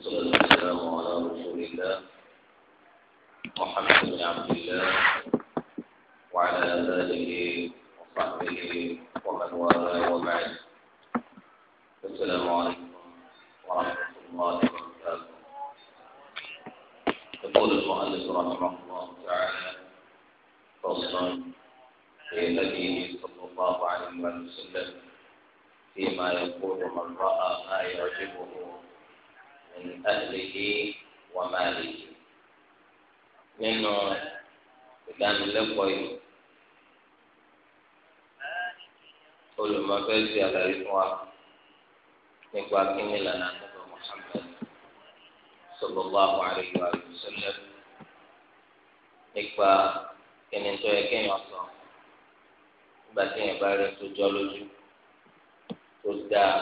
والصلاة والسلام على رسول الله محمد بن عبد الله وعلى آله وصحبه ومن والاه وبعد السلام عليكم ورحمة الله وبركاته يقول المؤلف رحمه الله تعالى فصلا في نبيه صلى الله عليه وسلم فيما يقول من رأى ما يعجبه من أهله وماله منه إدام لقوي قل ما بيت على الإخوة نقوى كمي لنا محمد صلى الله عليه وآله وسلم nípa ẹni tó yẹ kéèyàn sọ nígbà tí èèyàn bá rí tó jọ lójú tó dáa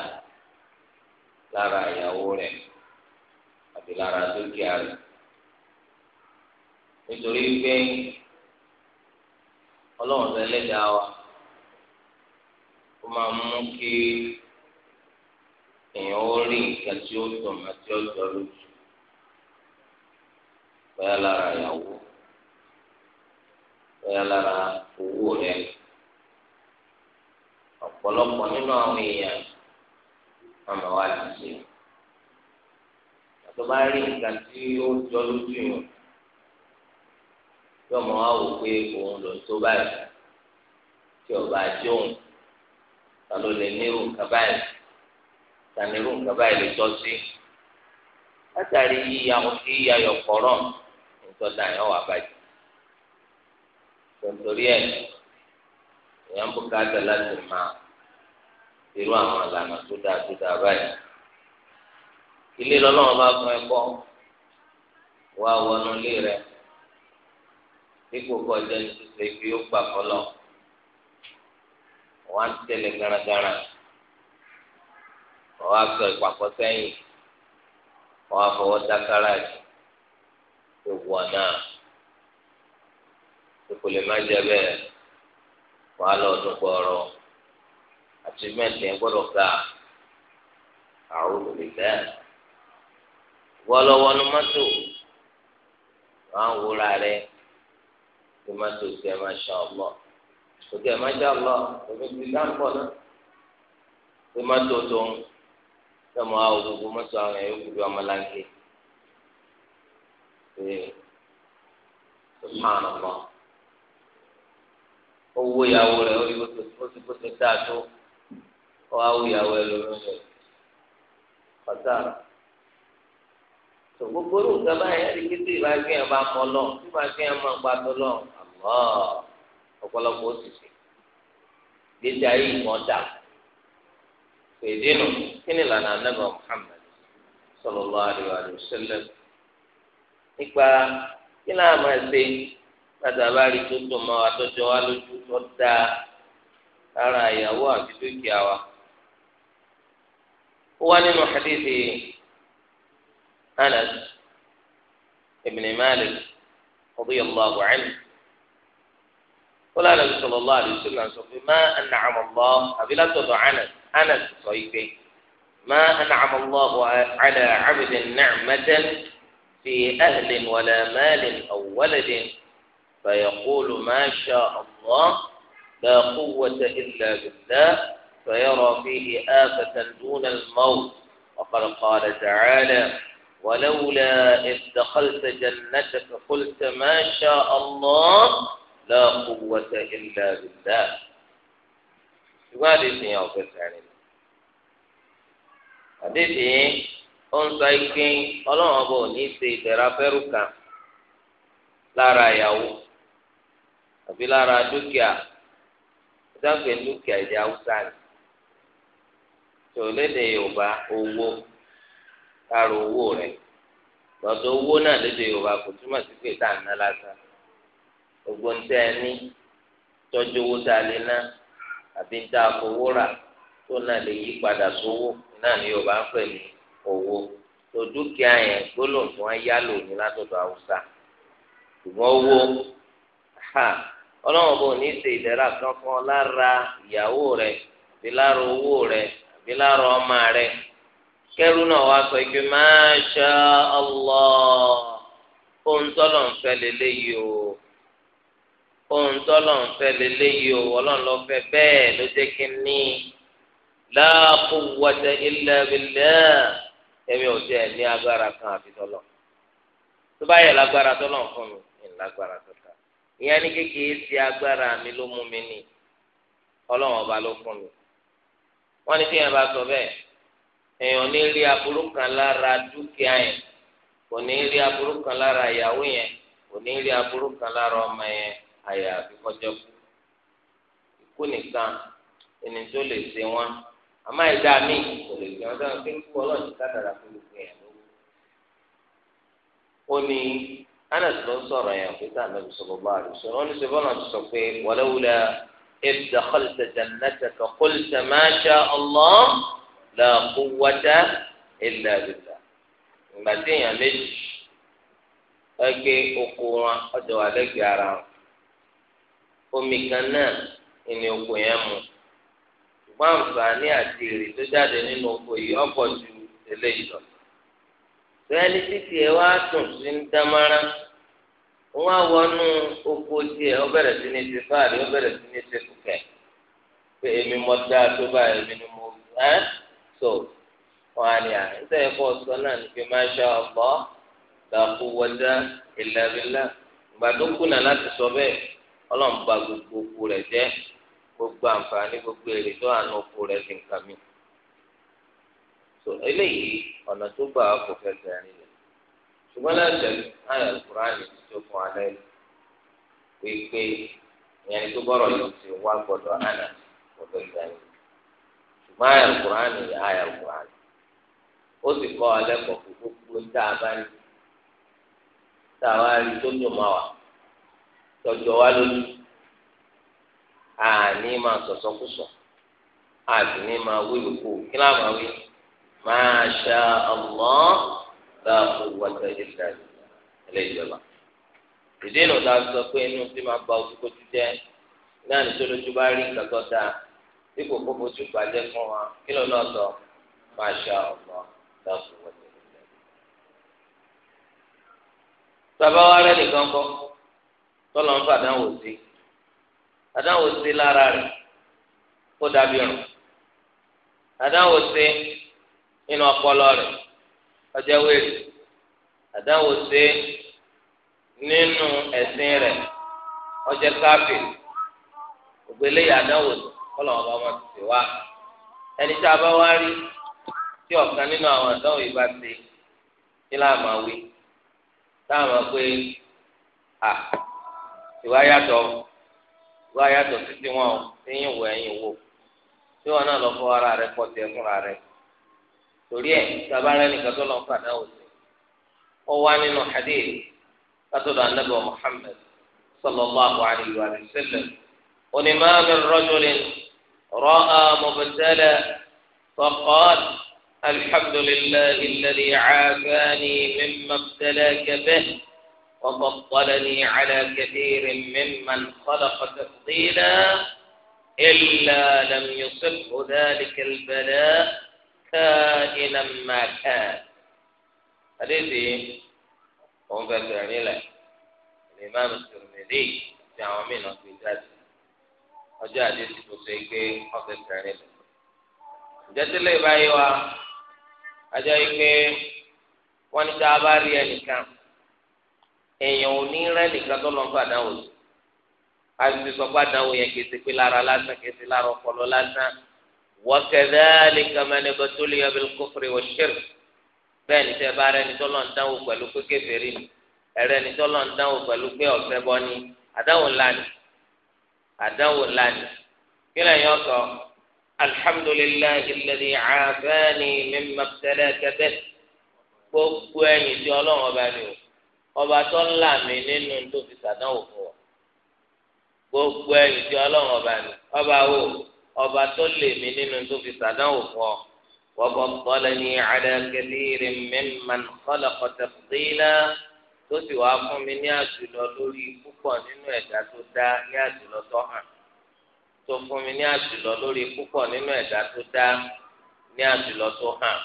lára ìyàwó rẹ̀ ìlara dúkìá rẹ̀ nítorí pé ọlọ́run tó ẹlẹ́dàá wa ó máa mú kí èèyàn ó rí nǹkan tí ó dùn àti ọjọ́ lójú bóyá lára ìyàwó bóyá lára owó rẹ̀ ọ̀pọ̀lọpọ̀ nínú àwọn èèyàn àmọ́ wa ti ṣe tó bá rí nǹkan tí ó jọ lójú yàn yóò mọ wá wò pé òun ló tó báyìí tí ọba jóun ta ló lè nírú nǹkan báyìí ta nírú nǹkan báyìí lè tọ́ sí látàrí yíya wọn kí yíya yọ kọ̀rọ̀ nǹkan dàní ọ̀wà bàjẹ́ tontori ẹ̀ èèyàn láti máa irú àwọn ìlànà tó dáa tó dáa báyìí ilé lọ́lọ́run bá fún ẹ kọ́ wá wọnú ilé rẹ dípò kọjá ní sísè ibi ó gbà fọlọ wà ń tẹ̀lé garagara wọ́n á sọ ìpàkọ́ sẹ́yìn wọ́n á fọwọ́ dákàrà yìí tó wọ̀ náà kò lè má jẹ bẹ́ẹ̀ wàá lọ ọdún gbọ́ọ̀rọ̀ àti mẹ́tẹ̀ẹ́ gbọ́dọ̀ ga àwọn olùdíje wọlọwọlu mọtò wọn wúra rẹ kí mọtò tẹ ma ṣe ọlọ òkè ma ṣe ọlọ òkè ti dáńpọ náà kí mọtò tó ń tẹmọ àwọn gbogbo mọtò àwọn ẹyọ gbogbo ọmọlanke ee subhanallah owó ìyàwó rẹ ó ti bó ti dáa tó ó wá wó ìyàwó ẹ lórí rẹ tó gbogbo ní nǹkan báyìí ẹni kété ìbá gbé yẹn bá mọ lọ tí ìbá gbé yẹn máa gba tó lọ àmọ́ ọ̀pọ̀lọpọ̀ òṣìṣẹ́ gbèsè ayé ìmọ̀ dà kí ni lànà anábà nípa kí náà máa ṣe wa lójú tó dáa lára ìyàwó أنس ابن مالك رضي الله عنه قال النبي صلى الله عليه وسلم ما أنعم الله أبي لا تضع أنس أنس صيفي ما أنعم الله على عبد نعمة في أهل ولا مال أو ولد فيقول ما شاء الله لا قوة إلا بالله فيرى فيه آفة دون الموت وقد قال تعالى ولولا إذ دخلت جنتك قلت ما شاء الله لا قوة إلا بالله ìwádìí sì yàn ọ̀fẹ́ sẹ́rin àdéhìí yẹn ó ń sọ ike ọlọ́run ọba ò ní ṣe ìbẹ̀rẹ̀ afẹ́rù kan lára ìyàwó àbí lára dúkìá ìdáǹkè dúkìá ìdí haúsá ni tòlédè yorùbá owó. lára owó rẹ̀ lọ́dọ̀ owó náà lédè yorùbá kò túmọ̀ sí pé tá à ń ná lásán gbogbo ń tẹ́ ẹ ní tọ́jú owó tá a lè ná àbí ń tá a rà tó náà lè yí padà sówó náà ni yorùbá ń pè ní owó tó dúkìá yẹn gbólóhùn tí wọ́n yá látọ̀dọ̀ haúsá ṣùgbọ́n owó ọlọ́run bò ní ṣe ìdẹ́ra kẹrù náà wá sọ pé máṣá Allah ohun tọ́lọ̀ ń fẹ́ lélẹ́yìí o ohun tọ́lọ̀ ń fẹ́ lélẹ́yìí o ọlọ́run ló fẹ́ bẹ́ẹ̀ ló jẹ́ kí n ní la quwwata illa billah èmi ò jẹ́ ní agbára kan àfi tọ́lọ̀ tó bá yẹ lágbára tọ́lọ̀ fún mi ní lágbára tọ́ta ìyẹn ní kékeré ti agbára mi ló mú mi ní ọlọ́run ọba ló fún mi wọ́n ní kí yẹn bá sọ bẹ́ẹ̀ èèyàn ní rí aburú kan lára dúkìá yẹn kò ní rí aburú kan lára ìyàwó yẹn kò ní rí aburú kan lára ọmọ yẹn àyà àfikọ́jọ́ kú ikú nìkan ẹni tó lè ṣe wọn àmọ́ ẹ̀dá mi kò lè ṣe wọn dáhùn pé kí ọlọ́run ti kádàrà fún gbogbo yẹn lówó. ó ní Anas ló ń sọ̀rọ̀ yẹn pé tá à lọ́bi sọ̀rọ̀ bá a ní sọ̀rọ̀ náà ti sọ pé wàlẹ́wùlẹ́ إذ دخلت جنتك قلت ما شاء الله la quwwata illa billah ìgbà tí èèyàn méjì ẹgbẹ́ oko wọn ọjọ́ wà lẹ́gbẹ̀ẹ́ ara wọn omi kan náà ìní oko yẹn mu ṣùgbọ́n àǹfààní àti èrè tó jáde nínú oko yìí ọ̀pọ̀ ju eléyìí lọ bẹ́ẹ̀ni títí ẹ wá tún sí ń dámárá wọn á wọnú oko tiẹ̀ ó bẹ̀rẹ̀ sí ní ti fáàrí ó bẹ̀rẹ̀ sí ní ti kùkẹ pé èmi mọ tó báyìí èmi ni mo ẹ. so wọn á ní à ń sẹ́yìn fún ọ̀sán náà ní fi máa ṣe ọ̀pọ̀ làkú wọjá ìlàbílà ìgbà tó láti sọ bẹ́ẹ̀ ọlọ́run gbogbo òkú rẹ̀ jẹ́ gbogbo àǹfààní gbogbo èrè tó àánú òkú rẹ̀ so eléyìí ọ̀nà tó gbà á kò fẹsẹ̀ rìn lẹ̀ ṣùgbọ́n láti àyà kúránì tó fún alẹ́ wípé ìyẹn tó bọ̀rọ̀ ti wá gbọ́dọ̀ àná kò máa yà kúránì yà á yà kúránì ó sì kọ́ alẹ́ kọ̀ gbogbo tá a bá ní tá a wá rí tó dùn máa wà tọjọ́ wa lójú àní máa sọ̀sọ́kùsọ àti ní máa wíwì kú kí láà wí máa ṣá ọ̀mọ́ láàbù wọ́tẹ́ ìlà ilé ìjọba ìdí ìnù ta sọ pé inú tí máa gba ojú kojú náà nítorí ojú bá rí nǹkan tó dáa tí kò kó fojú gbàjẹ́ fún wa kí ló náà sọ máa ṣe ọ̀pọ̀ lọ́sùn wọlé nílẹ̀. bàbá wa rẹ nìkan kọ́ tọ́lọ̀ ń fàdánwò sí àdánwò sí lára rẹ̀ kó dàbí rùn àdánwò sí nínú ọpọlọ rẹ̀ ọjọ́ wẹ̀rẹ̀ àdánwò sí nínú ẹ̀sìn rẹ̀ ọjọ́ káfíìn ògbélé yàdánwò sí kọlọ ọba wọn ti ṣe wá ẹni tí a bá wá rí tí ọ̀kan nínú àwọn àdánwò yìí bá ṣe ní láàmà wí táwọn pé à ìwà yàtọ̀ ìwà yàtọ̀ títí wọn ẹ̀yìn wò ẹ̀yìn wò tí wọn náà lọ fọ ara rẹ̀ pọ̀ tiẹ̀ fúnra rẹ̀ torí ẹ̀ sábà nìkan tó lọ ń fàdá òsè ó wá nínú hadith látọ̀dọ̀ anábì Muhammad sallallahu alaihi wa sallam onímọ̀ mi rọ́jò رأى مبتلى فقال الحمد لله الذي عافاني مما ابتلاك به وفضلني على كثير ممن خلق تفضيلا إلا لم يصبه ذلك البلاء كائنا ما كان حديثي هم في الإمام الترمذي في منه في ذاته ọjọ́ àdéhùn tó ṣe pé ọ̀sẹ̀ tẹ̀lé lọ. ìjẹ́sílẹ̀ ìbáyé wa ajá yìí pé wọ́n ní tá a bá rí ẹnìkan èèyàn ò ní rẹ́ nìkan tó lọ ń gbàdánwò sí. àti sọ gbàdánwò yẹn kì í ti pé lára lásán kì í ti lára ọpọlọ lásán. وكذلك من ابتلي بالكفر والشرك bẹ́ẹ̀ ni tẹ́ bá rẹ ni tọ́lọ̀ ń dánwò pẹ̀lú pé kèfèrí ni ẹ̀rẹ́ ni tọ́lọ̀ ń dánwò pẹ̀lú pé ọ̀sẹ̀ bọ́ ni àdáwò ńlá ni àdánwò lánì kí lẹ́yìn ọ̀sọ̀ alhamdulillahi alladhi aafani mimma ibtalaka bihi gbogbo ẹ̀yìn tí ọlọ́run ọba ni o ọba tó ń là mí nínú tó fi sàdánwò fún ọ gbogbo ẹ̀yìn tí ọlọ́run ọba ni ọba wo ọba tó lè mí nínú tó fi sàdánwò fún ọ. وفضلني على كثير ممن خلق تفضيلا tó sì wá fún mi ní àjùlọ lórí púpọ̀ nínú ẹ̀dá tó dá ní àjùlọ tó hàn tó fún mi ní àjùlọ lórí púpọ̀ nínú ẹ̀dá tó dá ní àjùlọ tó hàn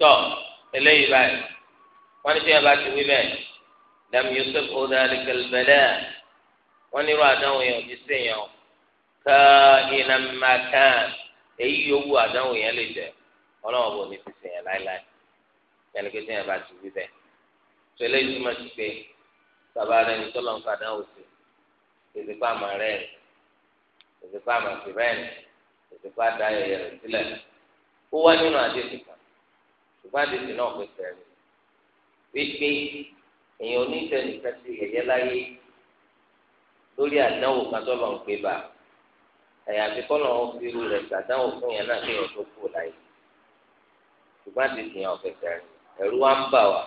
tọ eléyìí báyìí wọ́n ní tí a bá ti wí bẹ́ẹ̀ lam yusuf dhalika al-bala' wọ́n nírú àdánwò yẹn ò ní ṣèyàn ka'inan ma kan èyí yòówù àdánwò yẹn lè jẹ Ọlọ́run bò ní ti ṣèyàn yẹn ni pé tí bá ti wí bẹ́ẹ̀ tẹ́lẹ̀ yìí túmọ̀ sí pé bàbá rẹ̀ ní tọ́lọ̀ ń padà wò sí tètè pa àmà rẹ̀ tètè pa àmà sí rẹ̀ tètè pa sílẹ̀ ó wá nínú àdéhùn kan ṣùgbọ́n àdéhùn náà pè sẹ́yìn wípé èèyàn onítẹ̀nìkan ti yẹ̀yẹ́ láyé lórí àdánwò kan tọ́lọ̀ ń pè bá àyàfi kọ́lọ̀ ń fi irú rẹ̀ ṣàdánwò fún yẹn náà kéèyàn tó kú láyé ṣùgbọ́n àdéhùn yẹn ọ̀fẹ́ sẹ́yìn ẹ̀rú wa ń bà wá.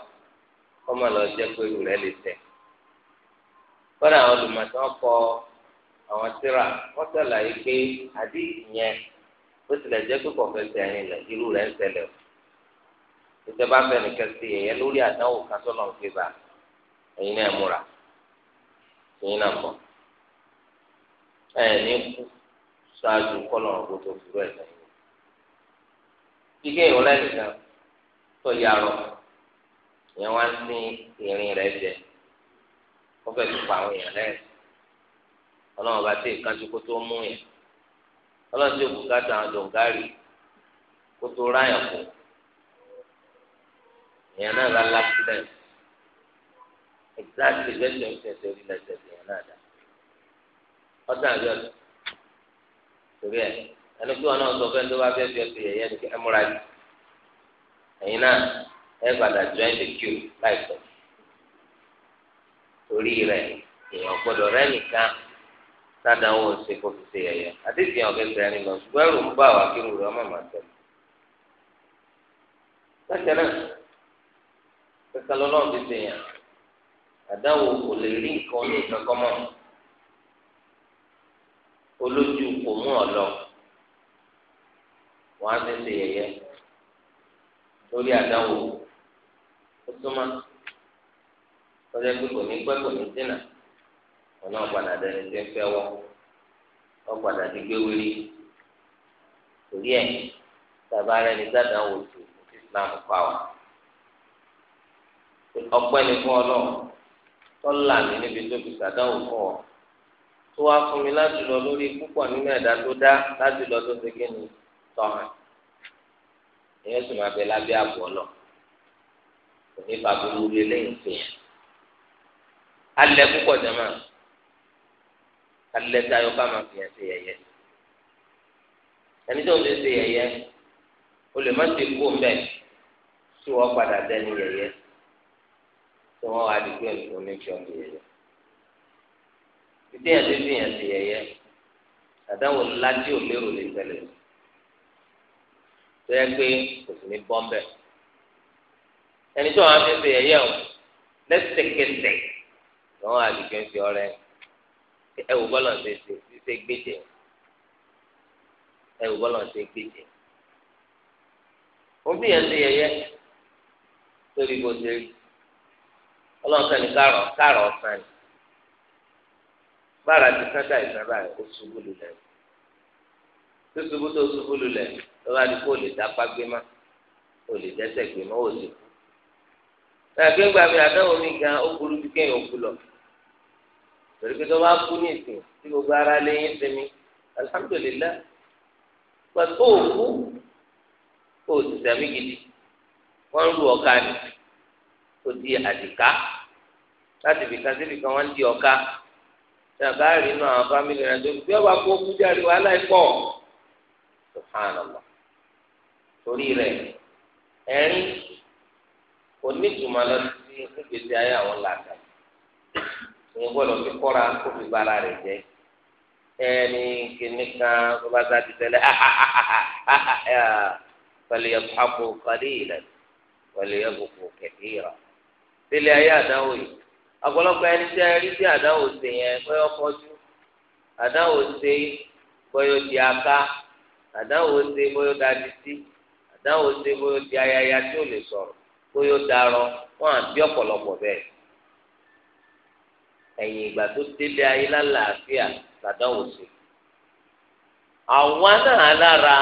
kọ́mọ lọ jẹ́ pé irú rẹ̀ lè tẹ̀. kọ́dà àwọn olùmọ̀tán kọ àwọn tíra wọ́n sàlàyé pé àdí ìyẹn ó tilẹ̀ jẹ́ pé kò fẹsẹ̀ lẹ̀ irú rẹ̀ ń o. ìjọba bá fẹ́ nìkan sí ẹ̀yẹ lórí àdánwò kan tó lọ́n fi bá náà múra náà ní kú ṣáájú tó fi kíkẹ́ ìyẹn wá ní ìrìn rẹ̀ jẹ wọ́n fẹ́ẹ́ tún pa àwọn èèyàn lẹ́yìn ọlọ́run bá tẹ̀ kájú kó tó mú yẹn ọlọ́run tí òkú káta àwọn dòǹgárì kó tó ráyàn kù èèyàn náà bá lápúlẹ̀ exactly bẹ́ẹ̀ tó ń tẹ̀sẹ̀ orí lẹ́sẹ̀ èèyàn náà dá ọ̀tá àbí ọ̀tá torí ẹ̀ ẹni pé ọlọ́run sọ fẹ́ẹ́ tó bá fẹ́ẹ́ fi ọ̀sẹ̀ yẹ̀yẹ́ ni kí ẹ yìí ẹ̀yin náà ẹ padà join the queue láìpẹ́ torí rẹ̀ èèyàn gbọ́dọ̀ rẹ̀ nìkan sádàáwò ṣe kó fi ṣe yẹ̀yẹ́ àdéhùn èèyàn kẹsìrẹ́ ni lọ ṣùgbọ́n ẹrù ń bá wa kí wùrọ̀ ọmọ màá tẹ̀. bákan náà kẹsàn-án lọ́nà ti ṣe yàn àdáwò kò lè rí nǹkan ní ìkankan mọ́ olójú kò mú ọ lọ wọ́n á ti ṣe yẹ̀yẹ́ lórí àdáwò ó súnmọ́ ọjọ́ pé kò ní pẹ́ kò ní dínà ọ̀nà ọ̀padà dẹni tí ń fẹ́ wọ́ ọ̀padà ti gbé wírí torí ẹ̀ tàbá rẹ ní dáadáa wò sí Islam pa wá ọpẹ́ ni fún Ọlọ́run tọ́lá mi níbi tó fi sàdáwò fún ọ tó wá fún mi láti lọ lórí púpọ̀ nínú ẹ̀dá tó dá láti lọ tó ṣe kí ni tọ́hàn ìyẹn sì máa bẹ lábẹ́ àbọ̀ Ọlọ́run òní fàbúrú lé lẹ́yìn fìyà alẹ́ púpọ̀ jama alẹ́ tayọ ká máa fìyà ṣe yẹ̀yẹ́ ẹni tó ń fi ṣe yẹ̀yẹ́ o lè má ti kú mbẹ tí wọ́n padà dẹni yẹ̀yẹ́ tí wọ́n wá di pé nǹkan ní fìyà ṣe yẹ̀yẹ́ fìdíyàn tó fìyà ṣe yẹ̀yẹ́ àdáwò ńlá tí ò lérò lè tẹ̀lé tó yẹ pé kò sì ní bọ́ ẹni tí wọn fi ṣe ẹyẹ o lẹ́sẹ̀kẹsẹ̀ wọn àlùkò ń fi ọrẹ ẹ wò bọlọ ṣe ṣe ṣe gbèjẹ ẹ wò bọlọ ṣe gbèjẹ wọn fi yẹn ṣe ẹyẹ torí bó ṣe rí Ọlọ́run sani kárọ kárọ sani bára ti sáta ìsára rẹ kó ṣubú lulẹ̀ tó ṣubú tó ṣubú lulẹ̀ lọ́wọ́ adìpọ̀ lè dá pàgbé má olè dẹ́sẹ̀ gbé má ó lè kú tàbí ńgbà mi àdáwò mi gan ó burú ju kéèyàn ó kú lọ pẹ̀lú pé tó bá kú ní ìsìn tí gbogbo ara lé yín sinmi alhamdulilayi pẹ̀lú kó o kú kó o sì sẹ́mi gidi wọ́n ń lu ọ̀ka ni kò di àdìká láti ibìkan síbi kan wọ́n ń di ọ̀ka ṣe àká inú àwọn fámìlì rẹ̀ tó bí ọba kó kú jáde wàhálà ẹ̀ pọ̀ subhanallah torí rẹ̀ ẹ̀rín onítùmọ̀ lọ sí nígbèsè ayé àwọn làkà ìyẹn gbọ́dọ̀ fi kọ́ra kó fi ba ara rẹ̀ jẹ́ ẹni kìnnìkan tó bá sá ti tẹ́lẹ̀ pẹ̀lú ẹ̀kọ́ kọ́lé ilẹ̀ pẹ̀lú ẹ̀kọ́ kẹ̀kẹ́ ìrọ̀ tẹ́lẹ̀ ayé àdáwò yìí ọ̀pọ̀lọpọ̀ ẹni tẹ́ ẹ rí sí àdáwò ṣe yẹn pẹ́yọ́ kọjú àdáwò ṣe pẹ́yọ́ di aká àdáwò ṣe pẹ́yọ́ da títí àdáwò ṣe pẹ́yọ́ di ayaya tí ò lè sọ̀rọ̀ bóyá ó darọ wọn àbí ọ̀pọ̀lọpọ̀ bẹ́ẹ̀ ẹ̀yìn ìgbà tó délé ayé lálàáfíà làdánwò sí àwa náà lára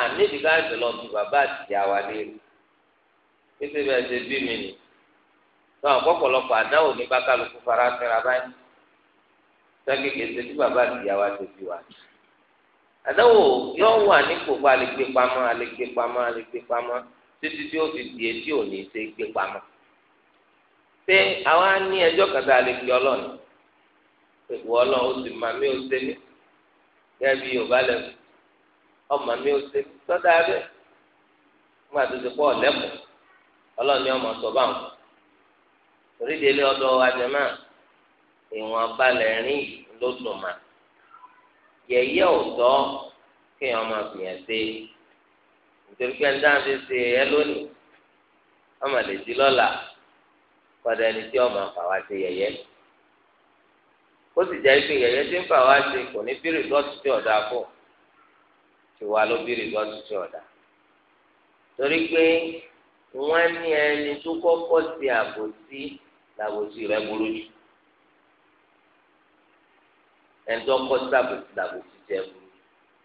àníbi ká jùlọ bí bàbá àtìyá wa léèrè kété bẹ́ẹ̀ ṣe bí mi nì náà ọ̀pọ̀lọpọ̀ àdáwò ní bákàlùkù fara fẹ́ra báyìí sọ́kèké ṣe bí bàbá àtìyá wa ṣe fi wà àdáwò yóò wà nípò fún alẹ́gbẹ́ pamọ́ alẹ́gbẹ́ pamọ́ alẹ́gbẹ́ pamọ́. títí tí ó fi di etí òní ṣe gbé pamọ́ ṣé àwa ní ẹjọ́ kàtà lè fi ọlọ́ọ̀ni ìwọ ọlọ́ọ̀ ó sì máa mí ó ṣe gẹ́gẹ́ bí yorùbá lẹ́nu ọmọ rẹ̀ pọ̀ lẹ́kọ̀ọ́ ọmọ sọ ìwọ̀n balẹ̀ rìn máa torí pé ẹnìdá ti ṣe ẹ lónìí ọmọ lè di lọ́la padà ẹni tí ọmọ fà wá ṣe yẹ̀yẹ́ ó sì jẹ́ pé yẹ̀yẹ́ tí ń fà wá ṣe kò ní bírì lọ́tù tí ọ̀dà fún tiwa ló bírì lọ́tù tí ọ̀dà torí pé wọ́n ní ẹni tó kọ́kọ́ ṣe àbòsí làbòsí rẹ̀ burú jù ẹni tó kọ́ ṣàbòsí làbòsí jẹ́ burú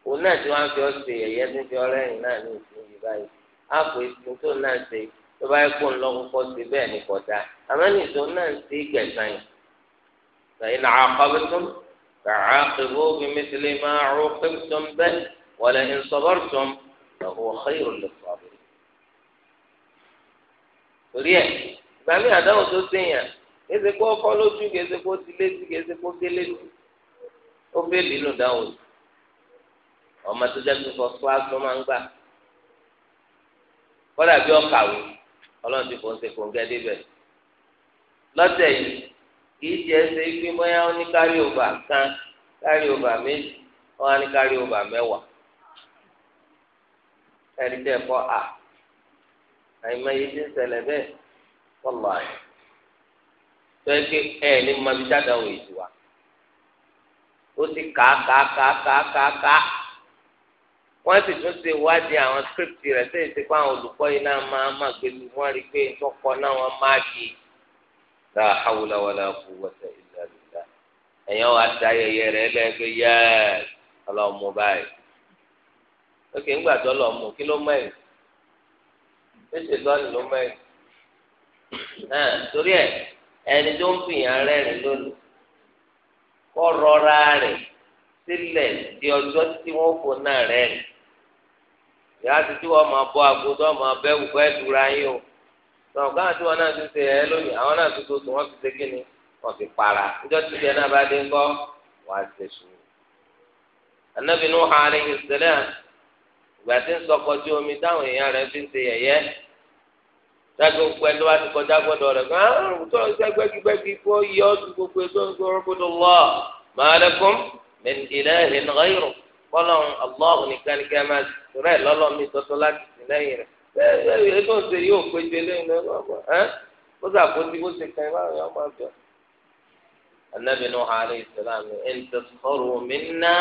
òun náà tí wọn fi ọ ṣe ẹyẹ tó fi ọrẹyìn náà ní ìsìn yìí báyìí á pè é tó náà ṣe tó bá yẹ kó ń lọ kókó ṣe bẹ́ẹ̀ ní kọjá àmọ́ ní ìsìn náà ṣe gẹ̀ẹ́sán yìí ṣàyìn náà àkọ́bẹ́tún kàá kébó bí mísìlẹ̀ máa rú kébùtún bẹ́ẹ̀ wọlé ìṣọ́bọ̀tún lọ́wọ́ xeyìrò lè sọ̀rọ̀. torí ẹ̀ gbàmí àdáwò tó ṣèyàn kéde kó kọ́ lójú kéde kó ọmọ tó jẹ́ pé first class ló máa ń gbà kọ́dà bí ọ̀kàwé ọlọ́run ti fò ń ṣe kòńgẹ́ débẹ̀ lọ́tẹ̀ yìí kì í tiẹ̀ ṣe pé bóyá ó ní kárí òbà kan kárí òbà méjì wọ́n á ní kárí òbà mẹ́wàá ẹni tẹ́ kọ́ à àyìnbá yìí ti ń ṣẹlẹ̀ bẹ́ẹ̀ wọ́lọ́ àyè tó yẹ kí ẹ ní mọ̀bí dáadáa wò èsì wa ó ti kàá kàá kàá kàá kàá kàá. wọ́n sì tún ṣe ìwádìí àwọn rẹ̀ olùkọ́ yìí gbé wọ́n rí i pé tó kọ́ náà wọ́n ẹ̀yàn wa da ayẹyẹ rẹ̀ lẹ́gbẹ̀ẹ́ yẹ́ ọlọ́mú báyìí ókè ńgbà tó lọ́mú kí ló mọ̀ ẹ́ méjì ló mọ̀ ẹ́ torí ẹni tó ń fìyàn lónìí kọ́ rọra di ọjọ́ tí wọ́n fò náà yàrá ti tí wọn máa bọ àgbo tó wọn máa bẹ wù fẹ dura yín o tọ̀hún káwọn tí wọn náà ti ṣe ẹ lónìí àwọn náà tó tó wọn ti ṣe kí ni wọn fi para níjọ́ tí ìjẹ náà bá dé ńkọ́ wọn á ṣe sùúrù. Ànábì Nuhu alayhi salam ìgbà tí ń sọkọ tí omi táwọn èèyàn rẹ̀ fi ń ṣe yẹ̀yẹ́ dájú pẹ̀lú àti kọjá gbọ́dọ̀ rẹ̀ gbọ́n ah, àwọn tó ń ṣe gbẹ́gbẹ́gbẹ́ kó yọ ọdún gbogbo ètò ìgbòrògbòdò lọ màálẹ́kùn min kọlọ́n allah nìkan nìkan máa rẹ̀ lọ́lọ́ mi tọ́tọ́ láti sìn lẹ́yìn rẹ̀ bẹ́ẹ̀ bẹ́ẹ̀ tó ń yóò péjọ lẹ́yìn lọ́wọ́ ẹ́ kó sàkóso bó ṣe kàn yín báyọ̀ ọmọ àjọ. anabi nuhu alayhi salam ni in tasxaru minna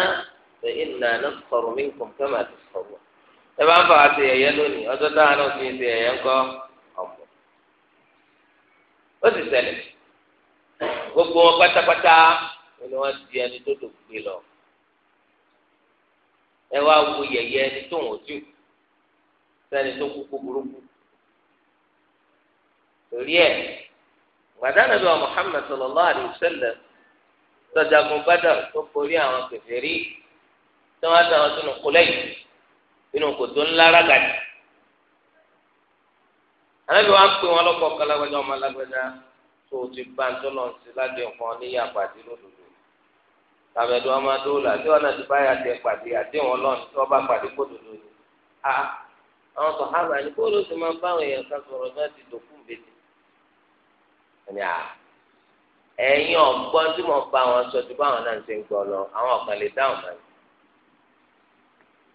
fa inna nasxaru minkum kama tasxaru. ẹ bá ń fa àti ẹ̀yẹ lónìí ọjọ́ táwọn náà fi ṣe ẹ̀yẹ ńkọ́ ọ̀pọ̀. ó sì gbogbo wọn pátápátá ni wọ́n ẹni tó ẹ wá wo yẹ̀yẹ́ ẹni tó wọn jù sẹ́ni tó kúkú burúkú torí ẹ gbàdánù bí wọn Muhammad sallallahu alayhi sọjagun Badr tó forí àwọn kèfèrí tí wọn dáhùn sínú kúlẹyìn nínú kòtò ńlá rágàdì àlejò wa pè wọn lọkọ kalagbẹdẹ ọmọ alágbẹdẹ tó ti bá ń tó lọ sí ládé nǹkan níyà pàdé lódodo tàbẹ̀dù ọmọ adóòlà tí wọn náà ti báyà tẹ pàdé àdéhùn ọlọ́run tí wọn bá pàdé kódò lónìí. a àwọn sọ̀hábà ní kóòlù ti máa bá àwọn èèyàn kan sọ̀rọ̀ náà ti dòkún bèbè. ẹ̀yin ọ̀gbọ́n tí mo bá wọn sọ ti báwọn náà ṣe ń gbọ́ lọ àwọn ọ̀kan lè dáhùn mọ́ ni.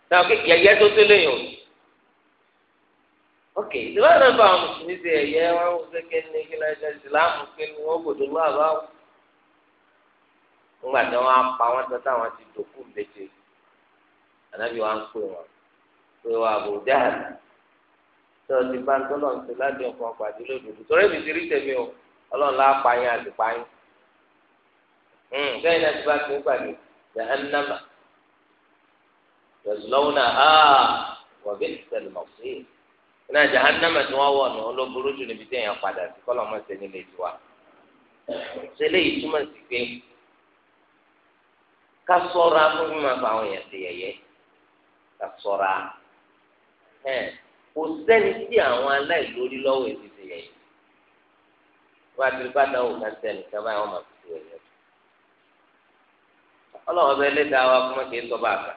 táwọn kéèkì ẹ̀yẹ tó tó léyìn òní. ok ìdíwọ́n náà bá àwọn mùsùlùmí ṣe ẹ̀yẹ wọn ó ńgbà tí wọn pa wọn tán táwọn ti dòkú mbètè ànábì wa pè wọn pé wọn àbòjá tó ti bá ń tọ́lọ̀ ń láti ọkàn pàdé lódodo torí ti rí o ọlọ́run lá pa yín àti pa yín hmm, bẹ́ẹ̀ náà bá ti ń pàdé jahannama ha wa bi'sal masir náà jahannama tí wọ́n wọ̀ nù olóburú jù níbi tí padà sí ká sọ́ra fún mi máa fa àwọn èèyàn ṣe yẹ̀yẹ́ ká sọ́ra kò sẹ́ni tí àwọn aláìlórí lọ́wọ́ èsì ṣe yẹ̀yẹ́ wọ́n á ti rí bàtà òun kan sẹ́ni kan báyìí wọ́n máa fi ṣe yẹ̀yẹ́ ọlọ́wọ́ bẹ́ẹ̀ lé dáa wa fún mi kì í sọ bá a kà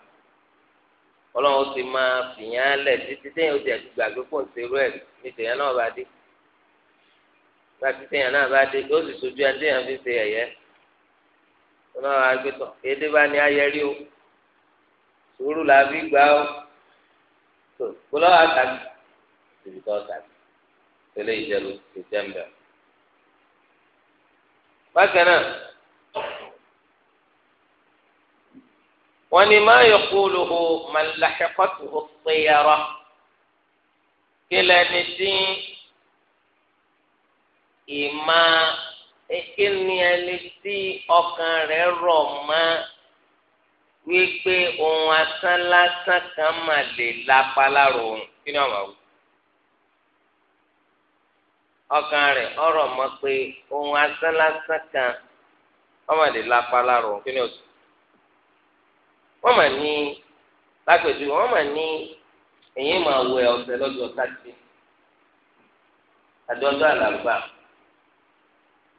ọlọ́run ti máa fìyàn lẹ̀ títí téèyàn ó ti gbàgbé kò ń serú ẹ̀ ní tèèyàn náà bá dé gba títí náà bá dé ó sì sojú ẹni téèyàn fi ṣe ẹ̀yẹ ọmọ àwọn agbẹtọ èdè bá ní ayẹrí o sùúrù là fi gbà o tó kólọ́ àtàkì tìbí tó àtàkì tẹ́lẹ̀ ìjẹlu ìjẹmbẹ. bákan náà wọ́n ní máa yọ kúlù hù màláṣẹ́kọ́tù hù péyàrá kí lẹ́ni tí ìmáa kí ni ẹni tí ọkàn rẹ̀ rọ̀ mọ́ wípé ohun asán lásán kan mà lè lápá lára òun kí ni ọmọ wò ọkàn rẹ̀ ọ̀rọ̀ mọ́ pé ohun asán lásán kan ọmọ lè lápá òun kí ni ọsùn wọ́n mà ní lápẹjù wọ́n mà ní èyí máa wẹ ọ̀sẹ̀ lọ́jọ́ sátidé àjọ ọjọ́ àlàgbà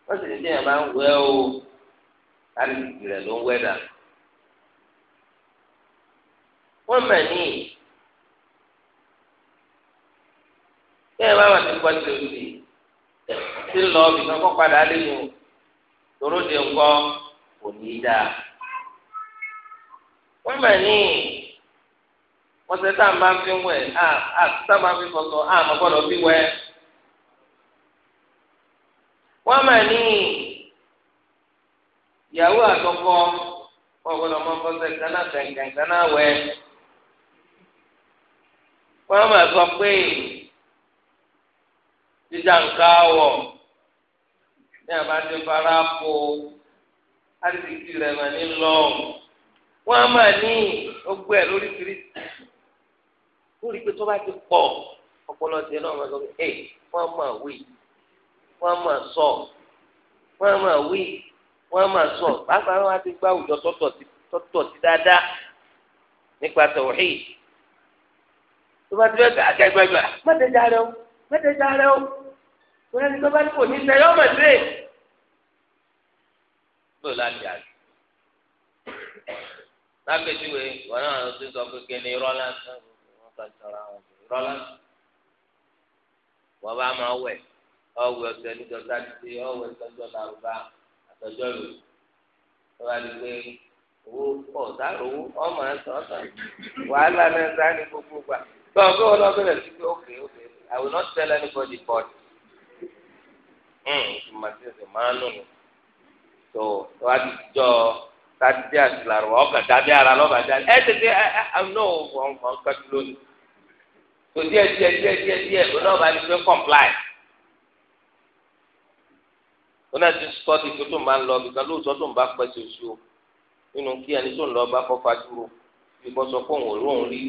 wọ́n sì ní kí èèyàn máa ń wẹ́ o alìsìkì rẹ̀ ló ń wẹ́ dà. wọ́n mọ̀ ní bẹ́ẹ̀ bá wà sí pọ́ńtì òsì tí ń lọ ọbì kan kọ́ padà lẹ́nu tòró de ńkọ́ kò ní í dáa. wọ́n mọ̀ ní wọ́n sẹ́ tá a máa fi wẹ̀ á tá a máa fi fọ̀ á máa gbọ́dọ̀ fi wẹ̀ wọ́n mà ní ìyàwó àtọkọ wọ́n gbọ́dọ̀ mọ fọ́sẹ̀ gánà tẹ̀gàn gánà wẹ̀ wọ́n mà sọ pé jíjà nǹkan wọ̀ ní àbájọ fara po àtìkì rẹ̀ mà ní lọ́ọ̀ wọ́n mà ní ogbẹ́ lóríṣiríṣi lórí pé tó bá ti pọ̀ ọpọlọ tiẹ̀ náà máa sọ pé ẹ wọ́n máa wí wọ́n máa sọ wọ́n máa wí wọ́n máa sọ pàápàá wọn ti gbá àwùjọ tọ́tọ̀ sí dáadáa nípa tòwí tó bá ti fẹ́ àgẹgbẹgbẹ mẹ́tẹ̀ẹ̀dá rẹ o mẹ́tẹ̀ẹ̀dá rẹ o wọ́n ẹni tó bá ní kò ní sẹ́yọ́ mẹ́tẹ̀ẹ̀ ló láti àgbẹ̀ lápẹjúwe wọn náà ti sọ pé kéde irọ́ lásán wọn kà sọ̀rọ̀ àwọn irọ́ lásán wọn bá máa wẹ̀ ọwọ ẹsẹ níjọ sátidé ọwọ ẹsẹ níjọ làrúbá àtọjọ rẹ ọba ni pé owó ọ̀dà owó ọmọ ẹsẹ ọ̀sán wàhálà náà sá ní gbogbo gbà tó o fẹ́ wọn lọ bẹ̀rẹ̀ sí pé ókè ókè I will not tell anybody but màtíǹsì hmm, máa ń lòlù tó wàá ti jọ sátidé àti làrúbá ọkàn dábí ara lọ́ba jáde ẹ tètè ẹ ẹ ní òun kọ́ ń kọ́ ń kọ́ ti lónìí tó díẹ̀ díẹ̀ díẹ̀ díẹ̀ díẹ̀ lọ́ba ni pé comply ó náà ti sọ tó ń bá ń lọ bìkan lóòótọ́ tó ń bá pẹ́sẹ̀ oṣù nínú kí ẹni tó ń lọ bá kọ́ fadúró ìbọ̀ sọ pé òun ò rí òun rí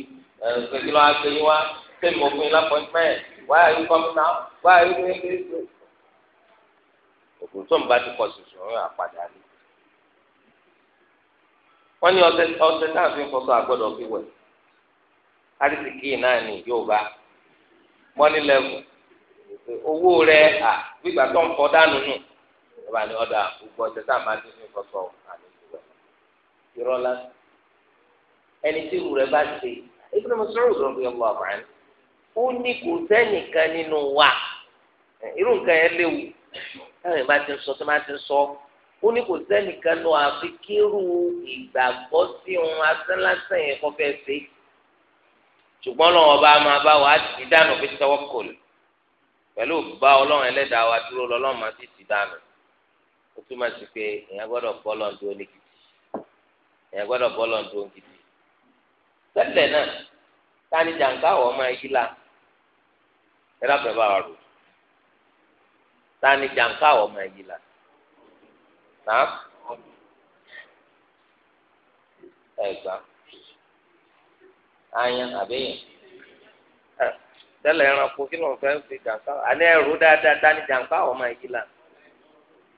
ẹ̀ kí ló wá gbé yín wá sẹ́mi òfin lápọ̀ntmẹ́ẹ̀ why are you coming now why are you doing this? òkú tó ń bá ti kọ̀ ṣùṣù ń àpàdà rí. wọ́n ní ọ̀sẹ̀ ọ̀sẹ̀ fi ń fọṣọ àgbọ̀dọ̀ fi wẹ̀ àrísìkì owó rẹ̀ à gbígbà tó ń fọ dánù nù ìjọba ni ọ̀dà gbogbo ọ̀sẹ̀ tá a máa dín ní ìfọ̀sọ̀ àmì ìwẹ̀ irọ́ la ẹni tí irú rẹ̀ bá ṣe Ibn Mas'ud radiyallahu ni ó ní kò sẹ́nìkan nínú wa irú nǹkan yẹn léwu táwọn ìbá ti ń sọ tó máa ti ń sọ ó ní kò sẹ́nìkan nù àfi kírú ìgbàgbọ́ sí ohun asánlásán yẹn kọ́ fẹ́ ṣe ṣùgbọ́n lọ́wọ́ bá máa bá wa ti ó túmọ̀ sí pé èèyàn gbọ́dọ̀ bọ́lọ̀ dúró ní gidi èèyàn gbọ́dọ̀ bọ́lọ̀ dúró ní gidi tẹ́lẹ̀ náà tani jàǹká wọ́n máa yí la ẹ̀rọ bẹ̀ bá wà lò tani jàǹká wọ́n máa yí la náà ẹ̀gbá ayan àbẹ̀yẹn tẹ́lẹ̀ ẹranko kí ló ń fẹ́ fi jàǹká àní ẹ̀rú dáadáa tani jàǹká wọ́n máa yí la.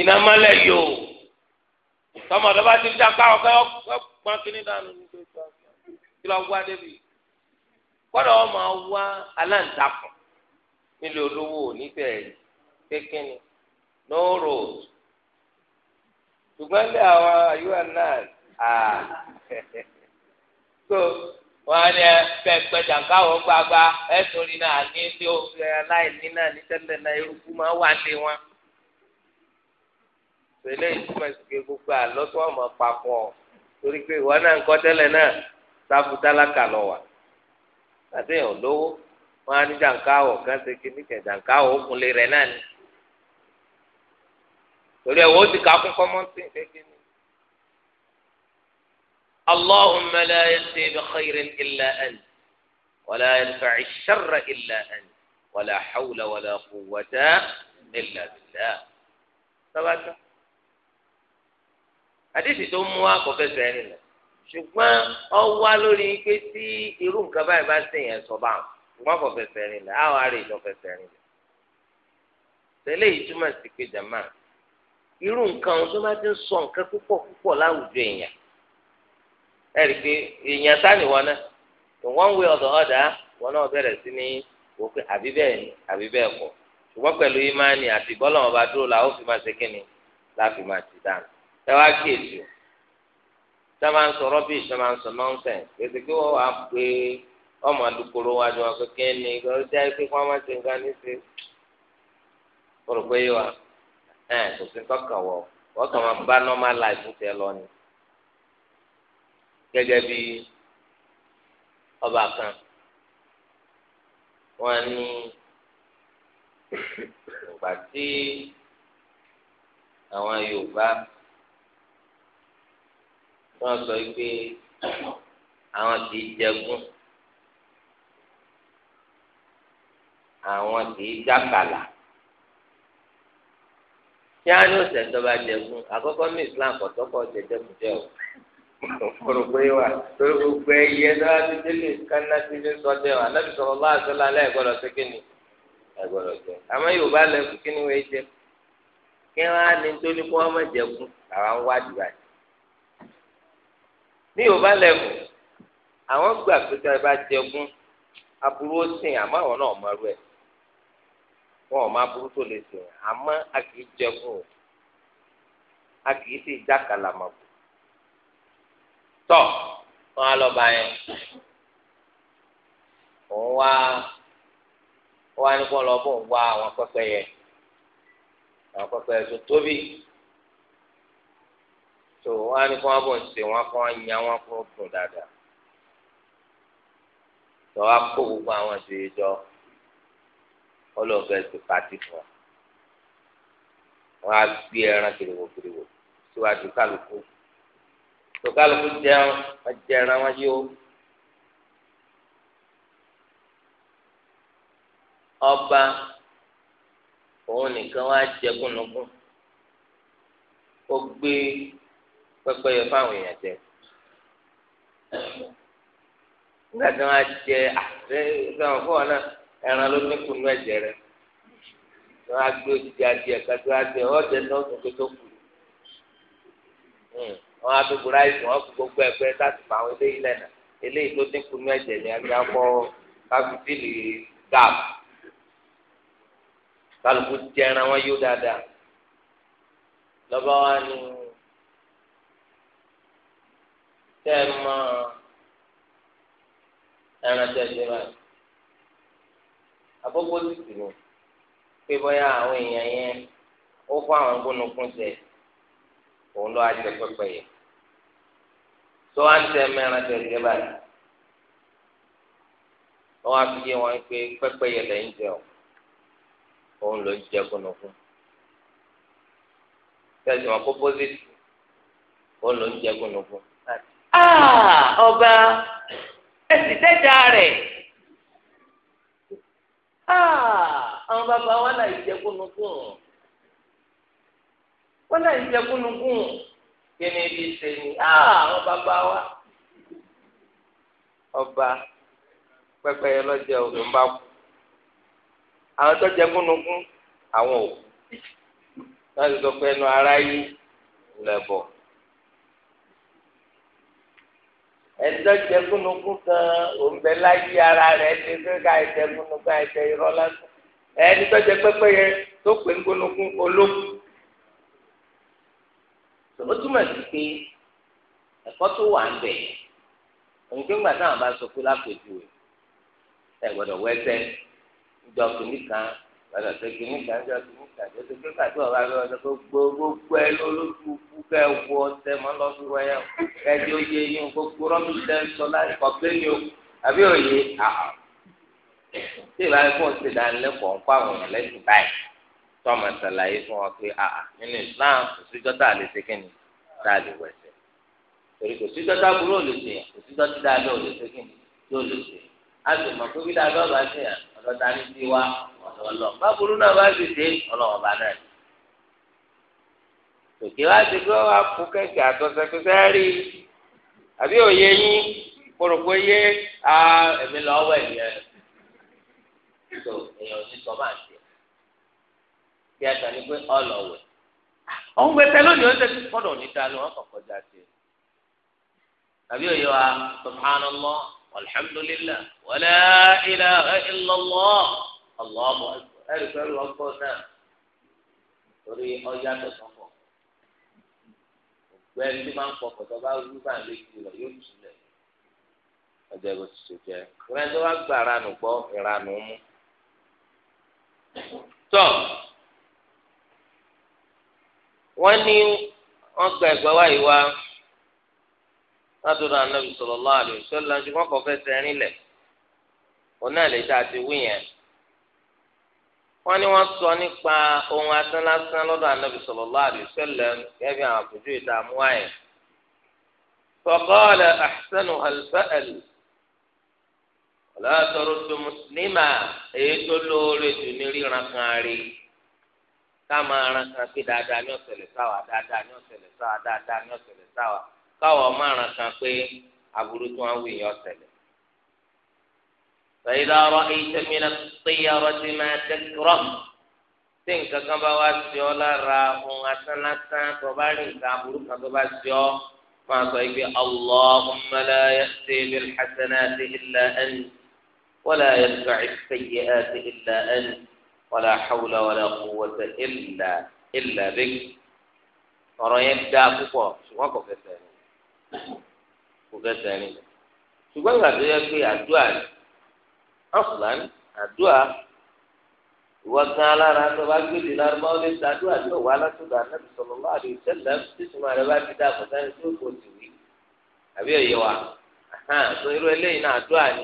iná mọ́lẹ̀ yóò tọmọdé bá ti dá káwọn kẹ́ ọ́ pọ́n kínní dànù ní tó tó kí lọ́ọ́ wá débi kọ́dọ̀ wọn máa wá aláǹtakùn nílé olówó níbẹ̀ kékeré no road ṣùgbọ́n lé àwọn àyùwà náà à so wọn á ní pẹpẹ jàǹkáwọ gbagba ẹ sórí náà ní ilé ọ̀hún ẹ láì ní náà ní tẹ́lẹ̀ náà eruku máa wà lé wọn pẹ̀lẹ́ ìtumọ̀ ìsìnkú gbogbo àlọ́ tó wà máa pa fún ọ torí pé ìwọ náà ń kọ́ tẹ́lẹ̀ náà sáfù tálákà lọ wà àtẹ̀yìn olówó wọn á ní jàǹkáwọ̀ kan ṣe kí nìkẹ́ jàǹkáwọ̀ òkunlé rẹ̀ náà ni torí ẹ̀ wọ́n ti kà á kún kọ́mọ́ntì kékeré ni. اللهم لا ينفع بخير إلا أنت ولا ينفع الشر إلا أنت ولا حول ولا قوة إلا بالله ثبت àdìsí tó mú wa kò fẹsẹ̀ rìn lẹ̀ ṣùgbọ́n ọ wá lórí pé tí irú nǹkan báyìí bá ṣe yẹn sọ bá wọn kò fẹsẹ̀ rìn lẹ̀ àwọn ará ìjọ fẹsẹ̀ rìn lẹ̀ tẹ́lẹ̀ yìí túmọ̀ sí pé jàmá irú nǹkan tó bá ti ń sọ nǹkan púpọ̀ púpọ̀ láwùjọ èèyàn ẹ rí i pé èèyàn sáni wọn náà in one way or the other wọn náà bẹ̀rẹ̀ sí ní wò pé àbí bẹ́ẹ̀ ni àbí bẹ́ẹ̀ kọ́ ṣùgbọ́n pẹ̀lú ìmánì àti bọ́lọ̀mọba dúró la ó fi máa ṣe kí ni máa ti dáná ẹ wá kíyèsí o tá a máa ń sọ rọ́bìṣì tá a máa ń sọ nọ́ńsẹ̀nsì pèsè kí wọ́n wá pé ọmọ àdúgbò wájú wọn kékeré ní ìgbọ́dọ̀ jẹ́ pé kí wọ́n má ti nǹkan ní ṣe kó rò pé yíwa ẹ̀ kò sí tọ́kàn wọ̀ wọ́n kàn máa bá normal life tẹ lọ ni gẹ́gẹ́ bí ọba kan wọ́n ní ìgbà tí àwọn Yorùbá wọ́n sọ pé àwọn kì í jẹgún àwọn kì í jákàlà kí á ní òsè tó bá jẹgún àkọ́kọ́ ní Islam kọ̀tọ́kọ̀ jẹjẹkùjẹ o òfurufú yìí wà torí gbogbo ẹyẹ náà ti délé kánná ti fi sọdẹ o ànábì sọ̀rọ̀ bá aṣọ lálẹ́ ẹ̀gbọ́dọ̀ sí kíni ẹ̀gbọ́dọ̀ jẹ àmọ́ Yorùbá lẹ fún kíni wọ́n jẹ kí wọ́n á ní tó kí wọ́n má jẹgún làwọn wá dìbà yìí ní yorùbá lẹ́kùn àwọn gbà pé tí a bá jẹgún aburú ó sìn àmọ́ àwọn náà mọ̀rú ẹ̀ wọn ò má burú tó lè sìn àmọ́ a kì í jẹgún o a kì í sì já kàlàmọ̀kù tọ́ wọn á lọ bá yẹn òun wá wọn á ní kó lọ bóun wá àwọn pẹ́pẹ́yẹ àwọn pẹ́pẹ́yẹ tó tóbi tó wọn á ní kó wọn bọ̀ ṣe wọn kó wọn yan wọn kó dùn dáadáa tó wọn kó gbogbo àwọn ìṣèyí jọ ọlọ́ọ̀fẹ́ ti pàtì fún wọn wọn á gbé ẹran kiriwo kiriwo síwájú kálukú tó kálukú jẹun wọn jẹran wọn yóò. ọba òun nìkan wá jẹkúnnukún ó gbé pẹ́pẹ́yẹ fáwọn èèyàn jẹ nígbà tí wọ́n á jẹ àtẹ̀wọ̀n fún ọ náà ẹran ló ní kùnú ẹ̀jẹ̀ rẹ̀ wọ́n á gbé odidi adìẹ náà tó tó kù hmm, á tó gbóra ìsìn gbogbo láti fà eléyìí eléyìí tó ní kálukú jẹ ẹran wọn yóò dáadáa ni. tẹ́ ẹ mọ ẹran tẹ́ ẹ jẹ báyìí àkókò sì sì lò pé bóyá àwọn èèyàn yẹn ó kó àwọn gbónúkún jẹ òun ló ajẹ pẹpẹ yẹ tó wá ń tẹ mẹran tẹ́ ẹ jẹ báyìí wọ́n wá fi yé wọn pé pẹpẹ yẹ lẹ́yìn jẹ o òun ló ń jẹ gbónúkún tẹsí wọn kó pósìtì ó ló ń jẹgúnnugún láti ọba ẹsì dẹ́jà rẹ̀ àwọn bàbá wọn náà yìí jẹ́ kúnnukún wọn náà yìí jẹ́ kúnnukún kí ni ibi ṣe ni àwọn bàbá wa ọba pẹpẹyẹ lọjẹ òdò ń bá kú àwọn tó jẹ kúnnukún àwọn ò wọn ti sọ pé ẹnu ara yìí lẹbọ ẹ̀ńdọ́jẹkùnukùn kan òǹbẹ láyé ara rẹ̀ ti fẹ́ ká ẹ̀jẹ̀kùnukùn ká ẹ̀jẹ̀ irọ́ lásán ẹni tọ́jẹ pẹ́pẹ́ yẹ tó pè ń gbónukùn olókùn. ó túmọ̀ sí pé ẹ̀kọ́ tó wà ń bẹ̀ yẹn òǹkéńgbà táwọn bá sọ pé lápèjúwe ẹ̀ gbọ́dọ̀ wẹ́sẹ̀ ìjọ kìnnìkan padà ṣe kìíní kájọ kìíní kájọ ṣe pé kàtó ọba rẹ ọdọ tó gbogbo ẹ lólókù kú kẹ wọ ọtẹ mọ lọsùn wáyà kẹjọ oyè yín gbogbo rọmí tẹ sọ láì kọpẹ ni o àbí òye àhà tí ìlà ẹ̀kọ́ ti dánilẹ́kọ̀ọ́ ń kó àwọn èèyàn lẹ́sìn báyìí tó ọmọ ṣàlàyé fún wọn pé àhà nínú Islam kò síjọ́ tá a lè ṣe kíni tá a lè wẹ̀sẹ̀ torí kò síjọ́ tá burú ò kò síjọ́ tí dáadọ́ ò kíni tí ò àti mọ̀ pé bídà bá bá ṣe yàn ọ̀dọ̀ ta ní ti wá ọ̀dọ̀ ọlọ́ báburú náà bá sì dé ọlọ́wọ́ bá náà tòkè wá ti gbé wá kú kẹ̀kẹ́ àtọ́sẹ́kẹsẹ́ rí àbí òye yín kórópó yé ẹ̀mí lọ́wọ́ ẹ̀yẹ tó èèyàn ní sọ máa ń tẹ̀ bí a tà ní pé ọlọ́wẹ̀ òun gbé tẹ lónìí ó ń tẹ̀sí fọ́dọ̀ níta ló wọ́n kọ̀kọ́ já sí àbí òye wa subhanallah alhamdulillah wala ilaha illallah allahu akbar ẹrù pẹ̀lú ọkọ náà torí ọjà tọ̀tàn pọ̀ ògbẹ́ ẹni tí máa ń pọ̀ pọ̀tọ́ bá rú bá létí rẹ̀ yóò tún lẹ̀ ọjọ́ ìbò ti ṣe jẹ́ ìrìn tó wá gba ìranù gbọ́ ìranù mú. tọ́ wọ́n ní wọ́n gba ẹ̀gbẹ́ wáyé wá. Wa látọ̀dọ̀ anabi sallallahu alaihi wasallam ṣùgbọ́n kò fẹsẹ̀ rinlẹ̀ òun náà lè ta ti wí yẹn wọ́n ní wọ́n sọ nípa ohun asán lásán lọ́dọ̀ anabi sallallahu alaihi wasallam gẹ́gẹ́ bí àwọn àpèjú ìdààmú àyè faqala ahsanuha al-fa'l la taruddu muslima èyí tó lóore jù ní ríran kan rí ká máa ran kan kí dáadáa ní ọ̀sẹ̀lẹ̀ sáwà dáadáa ní ọ̀sẹ̀lẹ̀ sáwà dáadáa ní ọ̀sẹ̀lẹ̀ sáwà. káwọn márùn kan pé aburú tí wọn wù yín ọsẹlẹ. فإذا رأيت من الطيرة ما تكره tí nǹkan kan bá wá sí ọ lára ohun asán tó bá rí nǹkan aburú kan tó bá sí ọ máa sọ ibi allahumma la ya'ti bil hasanati illa anta wa la yadfa'i sayyi'ati illa anta wa la hawla wa la quwwata illa illa bik ọ̀rọ̀ yẹn dáa púpọ̀ ṣùgbọ́n kò fẹsẹ̀ kò fẹsẹ̀ rìn ṣùgbọ́n ìgbà tó yẹ pé àdúrà rẹ̀ ọ̀fùlàn àdúrà ìwọ gan alára tó bá gbèdè lárúbá ó lè ta àdúrà tí ò wá látọ̀dọ̀ ànábì sọ̀rọ̀ lọ́wọ́ àdìyẹ sẹ́lẹ̀ títúmọ̀ rẹ̀ bá ti dá àkọsá ní tí ó kò sì wí àbí ẹ̀yẹ wa tó irú eléyìí náà àdúrà ni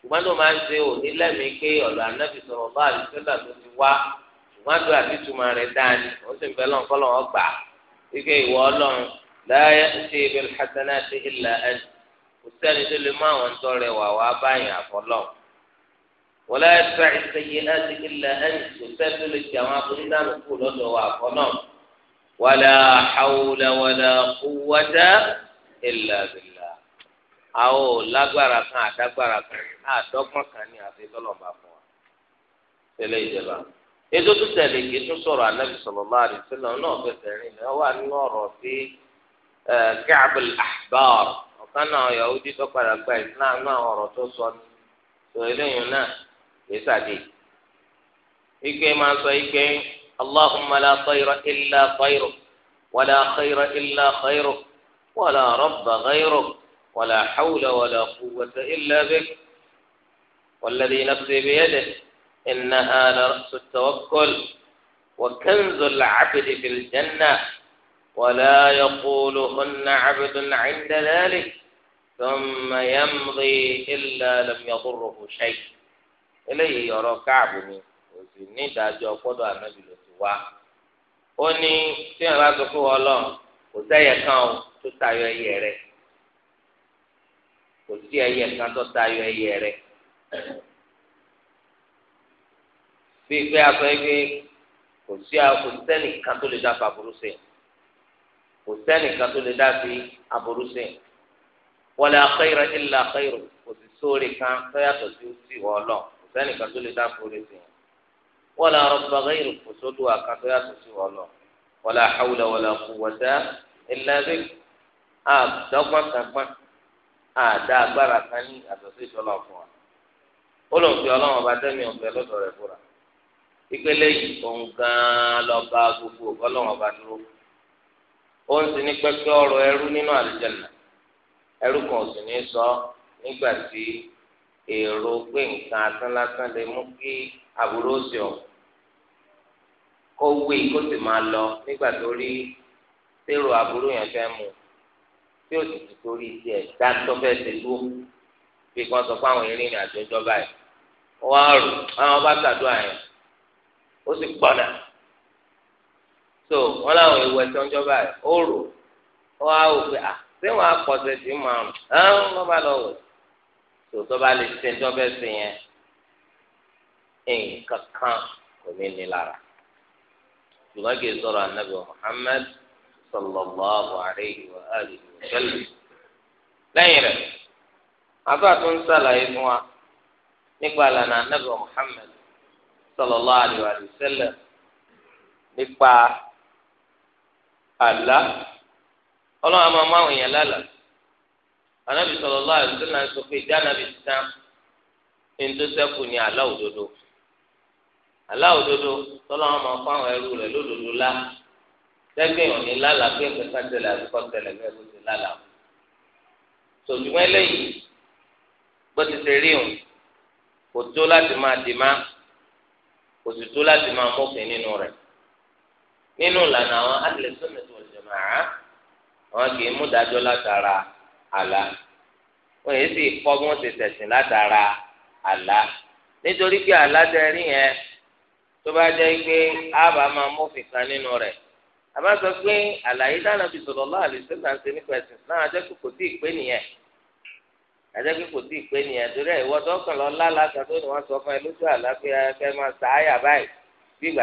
ṣùgbọ́n tó máa ń ṣe òní lẹ́mìí pé ọ̀dọ̀ ànábì sọ̀rọ̀ lọ́wọ́ àdìyẹ tó ti wá ṣùgbọ́n àdúrà títúmọ̀ rẹ̀ dáa ni ó sì ń bẹ lọ́nkọ́ lọ́wọ́ gbà ìwọ ọlọ́run la ya'ti bil hasanati illa ant kò sẹ́ni tó lè mú àwọn tó rẹwà wá báyìí àfọlọ́ wala yadfa'u sayyi'ati illa ant kò sẹ́ni tó lè jẹ àwọn abúlídàánù kù lọ́dọ̀ wá àfọlọ́ wala hawla wala quwwata illa billah àwọn ò lágbára kan àdágbára kan àdọ́gbọ́n kan ní àfi tọ́lọ́mà fún wa tẹ́lẹ̀ ìjọba ètò tó tẹ̀lé kí tó sọ̀rọ̀ ànábì sallallahu alaihi wasallam náà fẹsẹ̀ rìn náà wà nínú ọ̀rọ̀ sí كعب الأحبار وكان يهودي تقبل أكبر إسلام ما هو رسول سويلين هنا يسعدي إيكي ما سويكي اللهم لا طير إلا طيرك ولا خير إلا خيرك ولا رب غيرك ولا حول ولا قوة إلا بك والذي نفسي بيده إنها لرأس التوكل وكنز العبد في الجنة ولا يقولهن عبد عند ذلك ثم يمضي إلا لم يضره شيء إليه يرى كعب ní ìdájọ́ ọpọdọ ànábì ló ti wá ó ní tí wọn bá sọ fún wọn lọ kò sẹ́yẹ kan o tó tayọ ẹyẹ rẹ̀ kò sí ẹyẹ kan tó tayọ ẹyẹ rẹ̀ bíi pé a sọ pé kò sí ẹnì kan tó lè dá fàbúrú sí i kò sẹ́nìkan tó lè dá sí aburú sí i wala khayra illa khayru kò sì sóore kan tó yàtọ̀ sí sí wọ́n lọ kò sẹ́nìkan tó lè dá sóore sí i wala rabba ghayru kò sódò àkàn tó yàtọ̀ sí wọ́n lọ wala hawla wala quwwata illa billah àdọ́gbọ́n kankan àdá agbára kan ní àtọ̀sí ìṣọ́lá fún wa ó lóun fi ọlọ́run ọ̀fẹ́ lọ́dọ̀ rẹ̀ ìpele yìí ó ń sin ní pẹpẹ ọ̀rọ̀ ẹrú nínú àlùjànnà ẹrú kan ò sì ní sọ nígbà tí èrò pé nǹkan asán lásán lè mú kí àbúrò sí ọ kó wé kó sì máa lọ nígbà tó rí tèrò àbúrò yẹn fẹ́ mu tí ó sì ti torí tiẹ̀ dátọ́ fẹ́ ṣe dúró bí kan sọ fún àwọn ìrìn àjò ìjọba wọ́n á rò àwọn bá ṣàdúrà yẹn ó sì gbọ́dọ̀ so wọn làwọn ewu ẹsẹ ọjọ báyìí ó rò wọn á wò pé à ah, ṣé wọn á pọ̀sẹ̀ sí márùn ẹn wọn bá lọ wò tó tó bá lè ṣe ẹjọ́ bẹ́ẹ̀ sí yẹn nǹkan kan kò ní ní lára ṣùgbọ́n kì í sọ̀rọ̀ anabi Muhammad sallallahu alayhi wa alihi wa sallam lẹ́yìn rẹ̀ àbá tó ń sàlàyé fún wa nípa àlànà anabi Muhammad sallallahu alayhi wa sallam nípa àlá ọlọ́run àmọ́ máwọn èèyàn lálàá anabi sọlọ lọ àti sọlá sọ pé ìdí anabi tán ntòsẹ́kù ni àlá òdodo àlá òdodo tọ́lá wọn máa fún àwọn ẹrú rẹ̀ lódodo lá lẹ́gbẹ̀ẹ́ òní lálàá pé nǹkan tẹ̀lé àdúgbò tẹ̀lé bẹ́ẹ̀ ló ti lálàá sòtúmọ́ eléyìí bó ti ṣe rí òun kò tó láti máa dì má kò sì tó láti máa mọ́kè nínú rẹ̀ nínú ìlànà àwọn ahlu sunnah wal jama'ah wọn kì í mú dájọ́ látara àlá wọn yìí sì kọ́ bí wọ́n ti tẹ̀sìn látara àlá nítorí pé àlá tẹ rí yẹn tó bá jẹ́ pé ábà máa kan sọ pé àlàyé dáná fi sallallahu alaihi wasallam ṣe nípa ẹ̀sìn náà ajẹ́ kò tí ì pé nìyẹn pé kò tí ì pé nìyẹn torí ẹ̀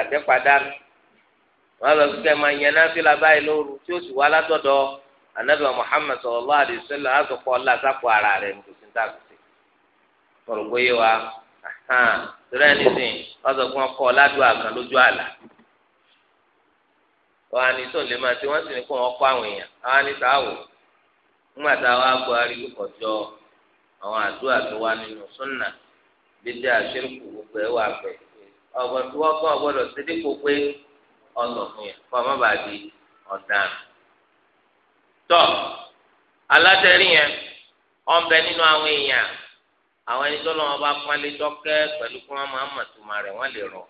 lálàá wọn lọ kẹ máa yẹn náà fi la báyìí lóru tí ó sì wá látọ̀dọ̀ anabi muhammed sallallahu alaihi wasallam asopọ ọlọsàpọ ara rẹ nítorí tí n ta kù sí kọrọ gbóyè wa tẹlẹ nísìn wọn sọ fún ọkọ ọládùn àgàn lójú àlà wọn á ní sọlẹ máa tí wọn sì ní kó wọn kọ àwọn èèyàn àwọn á ní sáwò nígbà tá a wá gbọ́ ariwo kọjọ àwọn àdúrà tó wà nínú súnà dídé àṣírí kù gbogbo ẹ wà pẹ ọgbọ́n tí wọn gbọ́ ọgbọ́dọ̀ ọlọ fún yẹn kọ ọmọ bàá di ọ̀daràn tọ alátẹrí yẹn ọbẹ nínú àwọn èèyàn àwọn ẹni tó lọ wọn bá pálí dọkẹ pẹ̀lú kí wọn máa mọtòmá rẹ wọn lè rọ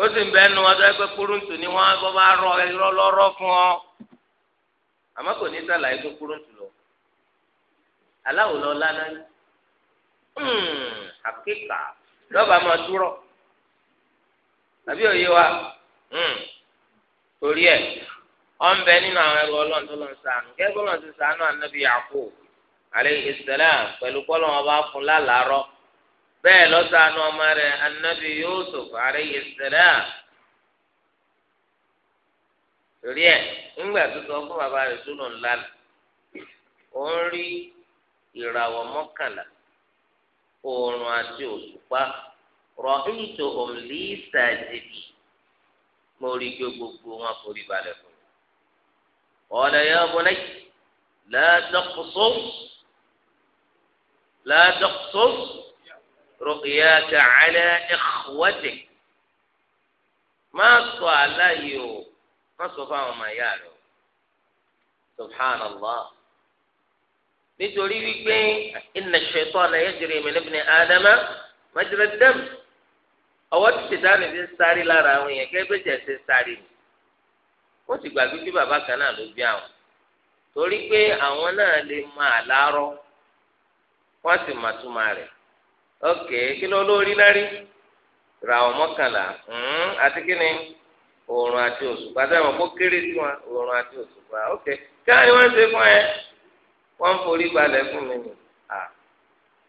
ó sì ń bẹnu ọjọ́ ẹgbẹ́ kúrúǹtù ni wọn bọ bá rọ irọ́ lọ́rọ̀ fún ọ àmọ́ kò ní sàlàyé tó kúrúǹtù lọ aláwo lọ hmm, àkíkà lọba máa dúró àbí òye wa hmm. torí ẹ ọ̀nbẹ nínú àwọn ẹrù ọlọ́run tó lọ́n sànù kẹ́kọ̀ọ́ lọ́n ti sànù ànábì yàkó alayhi salam pẹ̀lú kọ́lọ́n ọba fún lálàárọ̀ bẹ́ẹ̀ ló sànù ọmọ rẹ̀ ànábì yusuf alayhi salam torí ẹ ńgbà tó sọ fún bàbá rẹ̀ tó lọ́n lálẹ́ ó ń rí ìràwọ̀ mọ́kànlá oòrùn àti òṣùpá. رأيتهم لي ساجدين mo rí kí gbogbo wọn forí balẹ̀ fún mi. ọ̀lẹ́ yẹn bọ́lẹ́ lẹ́dọ̀kùsọ́ lẹ́dọ̀kùsọ́ rọ̀kìyàtà alẹ́ ẹ̀kọ́wẹ́tì má sọ aláyè o má sọ fáwọn ọmọ ìyá rẹ o subhana allah nítorí wípé inna ash-shaytana yajri min ibni adama majra ad-dam. ọwọ́ tí ṣètánì ti ń sáré lára àwọn èèyàn kẹ́gbẹ́ jẹ́ ṣe ń sáré ni ó sì gbàgbé bí bàbá kan náà ló bí àwọn torí pé àwọn náà lè máa lárọ́ wọ́n sì máa túmọ̀ rẹ̀ ok kí ló lórí lárí ra àwọn àti kí ni oòrùn àti òṣùpá tẹ́ wọn kó kéré sí wọn oòrùn àti òṣùpá ok kí wọ́n ní wọ́n ṣe fún ẹ wọ́n ń forí balẹ̀ fún mi nì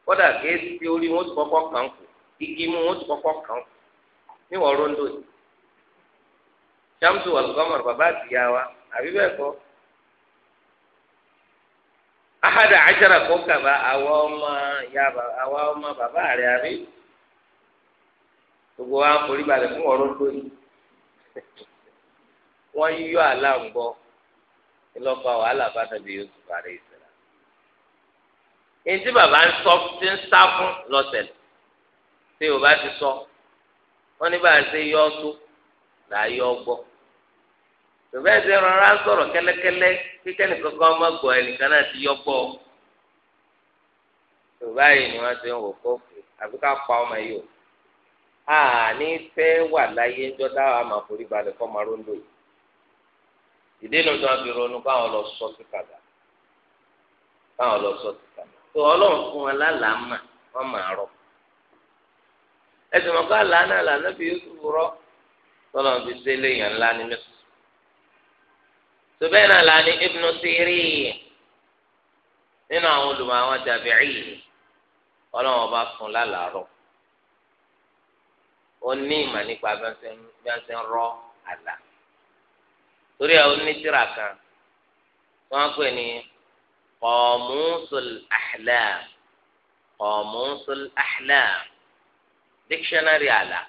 kódà kéésì tí orí wọn kọ́kọ́ kàn kù igi mú wọn ti kọ́kọ́ kàn níwọ̀n rondo yìí shamsu alqamar bàbá àtìyá wa àbí bẹ́ẹ̀ kọ́ ahada ajara kó kaba àwa ọmọ ya àwa ọmọ bàbá rẹ àbí gbogbo wa forí balẹ̀ fún ọ̀rọ̀ lórí wọ́n yíyọ aláǹgbọ́ ńlọ́pàá wàhálà bá nàbí yusuf àrẹ ìsìlá èyí tí bàbá ń sọ ti ń sá fún lọ́sẹ̀lẹ̀ tí yorùbá ti sọ wọn ní bá a ṣe yọ ọsọ là á yọ ọgbọ yorùbá ẹsẹ rọra sọ̀rọ̀ kẹ́lẹ́kẹ́lẹ́ kíkẹ nìkan kan má gbọ́ náà ti yọ gbọ yorùbá yìí ni wọn ti ń wò kófì àfi ká pa ọmọ yìí o àní fẹ́ wà láyé ńjọ́ dáhà máa forí balẹ̀ kọ́ máa tó fi ronú káwọn lọ sọ sí káwọn lọ sọ sí fún wọn lálàá mà rọ ẹsùn mọ̀ká làánà làánà fi Yusuf rọ tọ́lọ̀ fi ṣe léèyàn ńlá ní mẹ́sùn. sọ́bẹ́ náà làánì Ibn Sirin nínú àwọn olùmọ̀ àwọn tàbí'ì ọlọ́wọ́n bá fún lálàárọ̀ ó ní ìmọ̀ nípa bí ń rọ àlà torí ẹ̀ ó ní tírà kan tí wọ́n pè ní Qamusul dictionary àlà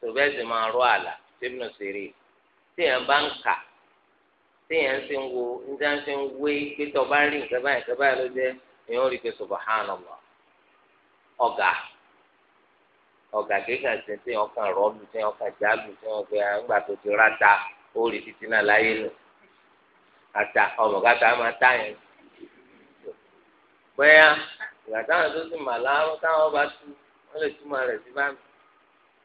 tó bẹ́ẹ̀ sì máa rọ àlà tẹ́bùnù sèré bá ń kà ń wo ń wé pé tó bá rí nǹkan báyìí nǹkan báyìí ló jẹ́ rí pé kéka ṣe ata máa tá yẹn bóyá ìgbà táwọn tó sì mà táwọn bá wọ́n lè túmọ̀ rẹ̀ sí báyìí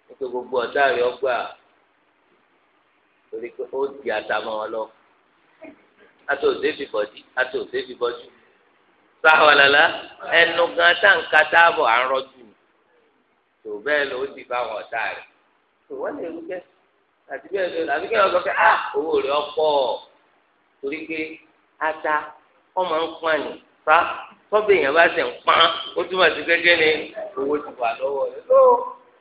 nítorí gbogbo ọ̀tá rẹ̀ ọgbà torí pé ó di àtàmọ́ wọn lọ àti òsè fìbọ́jú àti òsè fìbọ́jú sáwàlálà ẹnu gan tá táàbọ̀ à ń rọ́jú tó bẹ́ẹ̀ ló di báwọn ọ̀tá rẹ̀ tó wọ́n lè rúkẹ́ àti bẹ́ẹ̀ ló àbí kí wọ́n sọ pé á owó rẹ̀ ọ̀pọ̀ torí pé ata ọmọ ń pọ́n àyè fa kọ́bẹ̀ yẹn bá sẹ̀ ń pán ó túmọ̀ sí gẹ́gẹ́ ni owó ti wà lọ́wọ́ rẹ̀ ló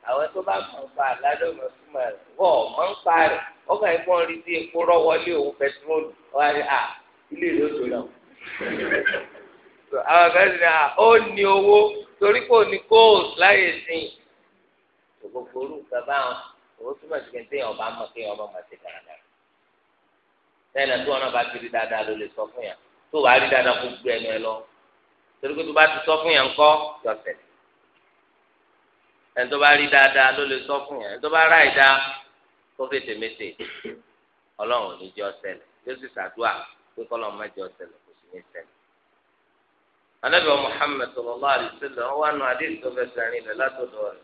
àwọn tó bá mọ̀ pa àládọ́ mọ̀ túmọ̀ rẹ̀ bọ̀ mọ̀ ń pa rẹ̀ ọkàn yìí kàn rí sí epo rọ́wọ́lé òun pẹtrólù wá rí à ilé ìlú tó lọ. àwọn kan ni. ní à ó ní owó torí kò ní gold láyé sí i. gbogbo orú bàbá wọn owó túmọ̀ sí gẹ́gẹ́ yẹn ọba mọ̀ kéèyàn ọba mọ̀ sí dáadáa. bá ti rí dáadáa tó wàá rí dáadáa kó gbé ẹ lọ torí pé tó bá ti sọ fún yẹn ńkọ́ yọ̀tẹ̀ ẹni tó bá rí dáadáa ló lè sọ fún yẹn ẹni tó bá ráì dá kó fètè mété ọlọ́run ò ní jẹ́ ọ̀sẹ̀lẹ̀ yóò sì ṣàdúrà pé kọ́lọ́run má jẹ́ ọ̀sẹ̀lẹ̀ kò sì ní ṣẹlẹ̀. النبي محمد صلى الله عليه وسلم هو أنه حديث تفسرني لا تدور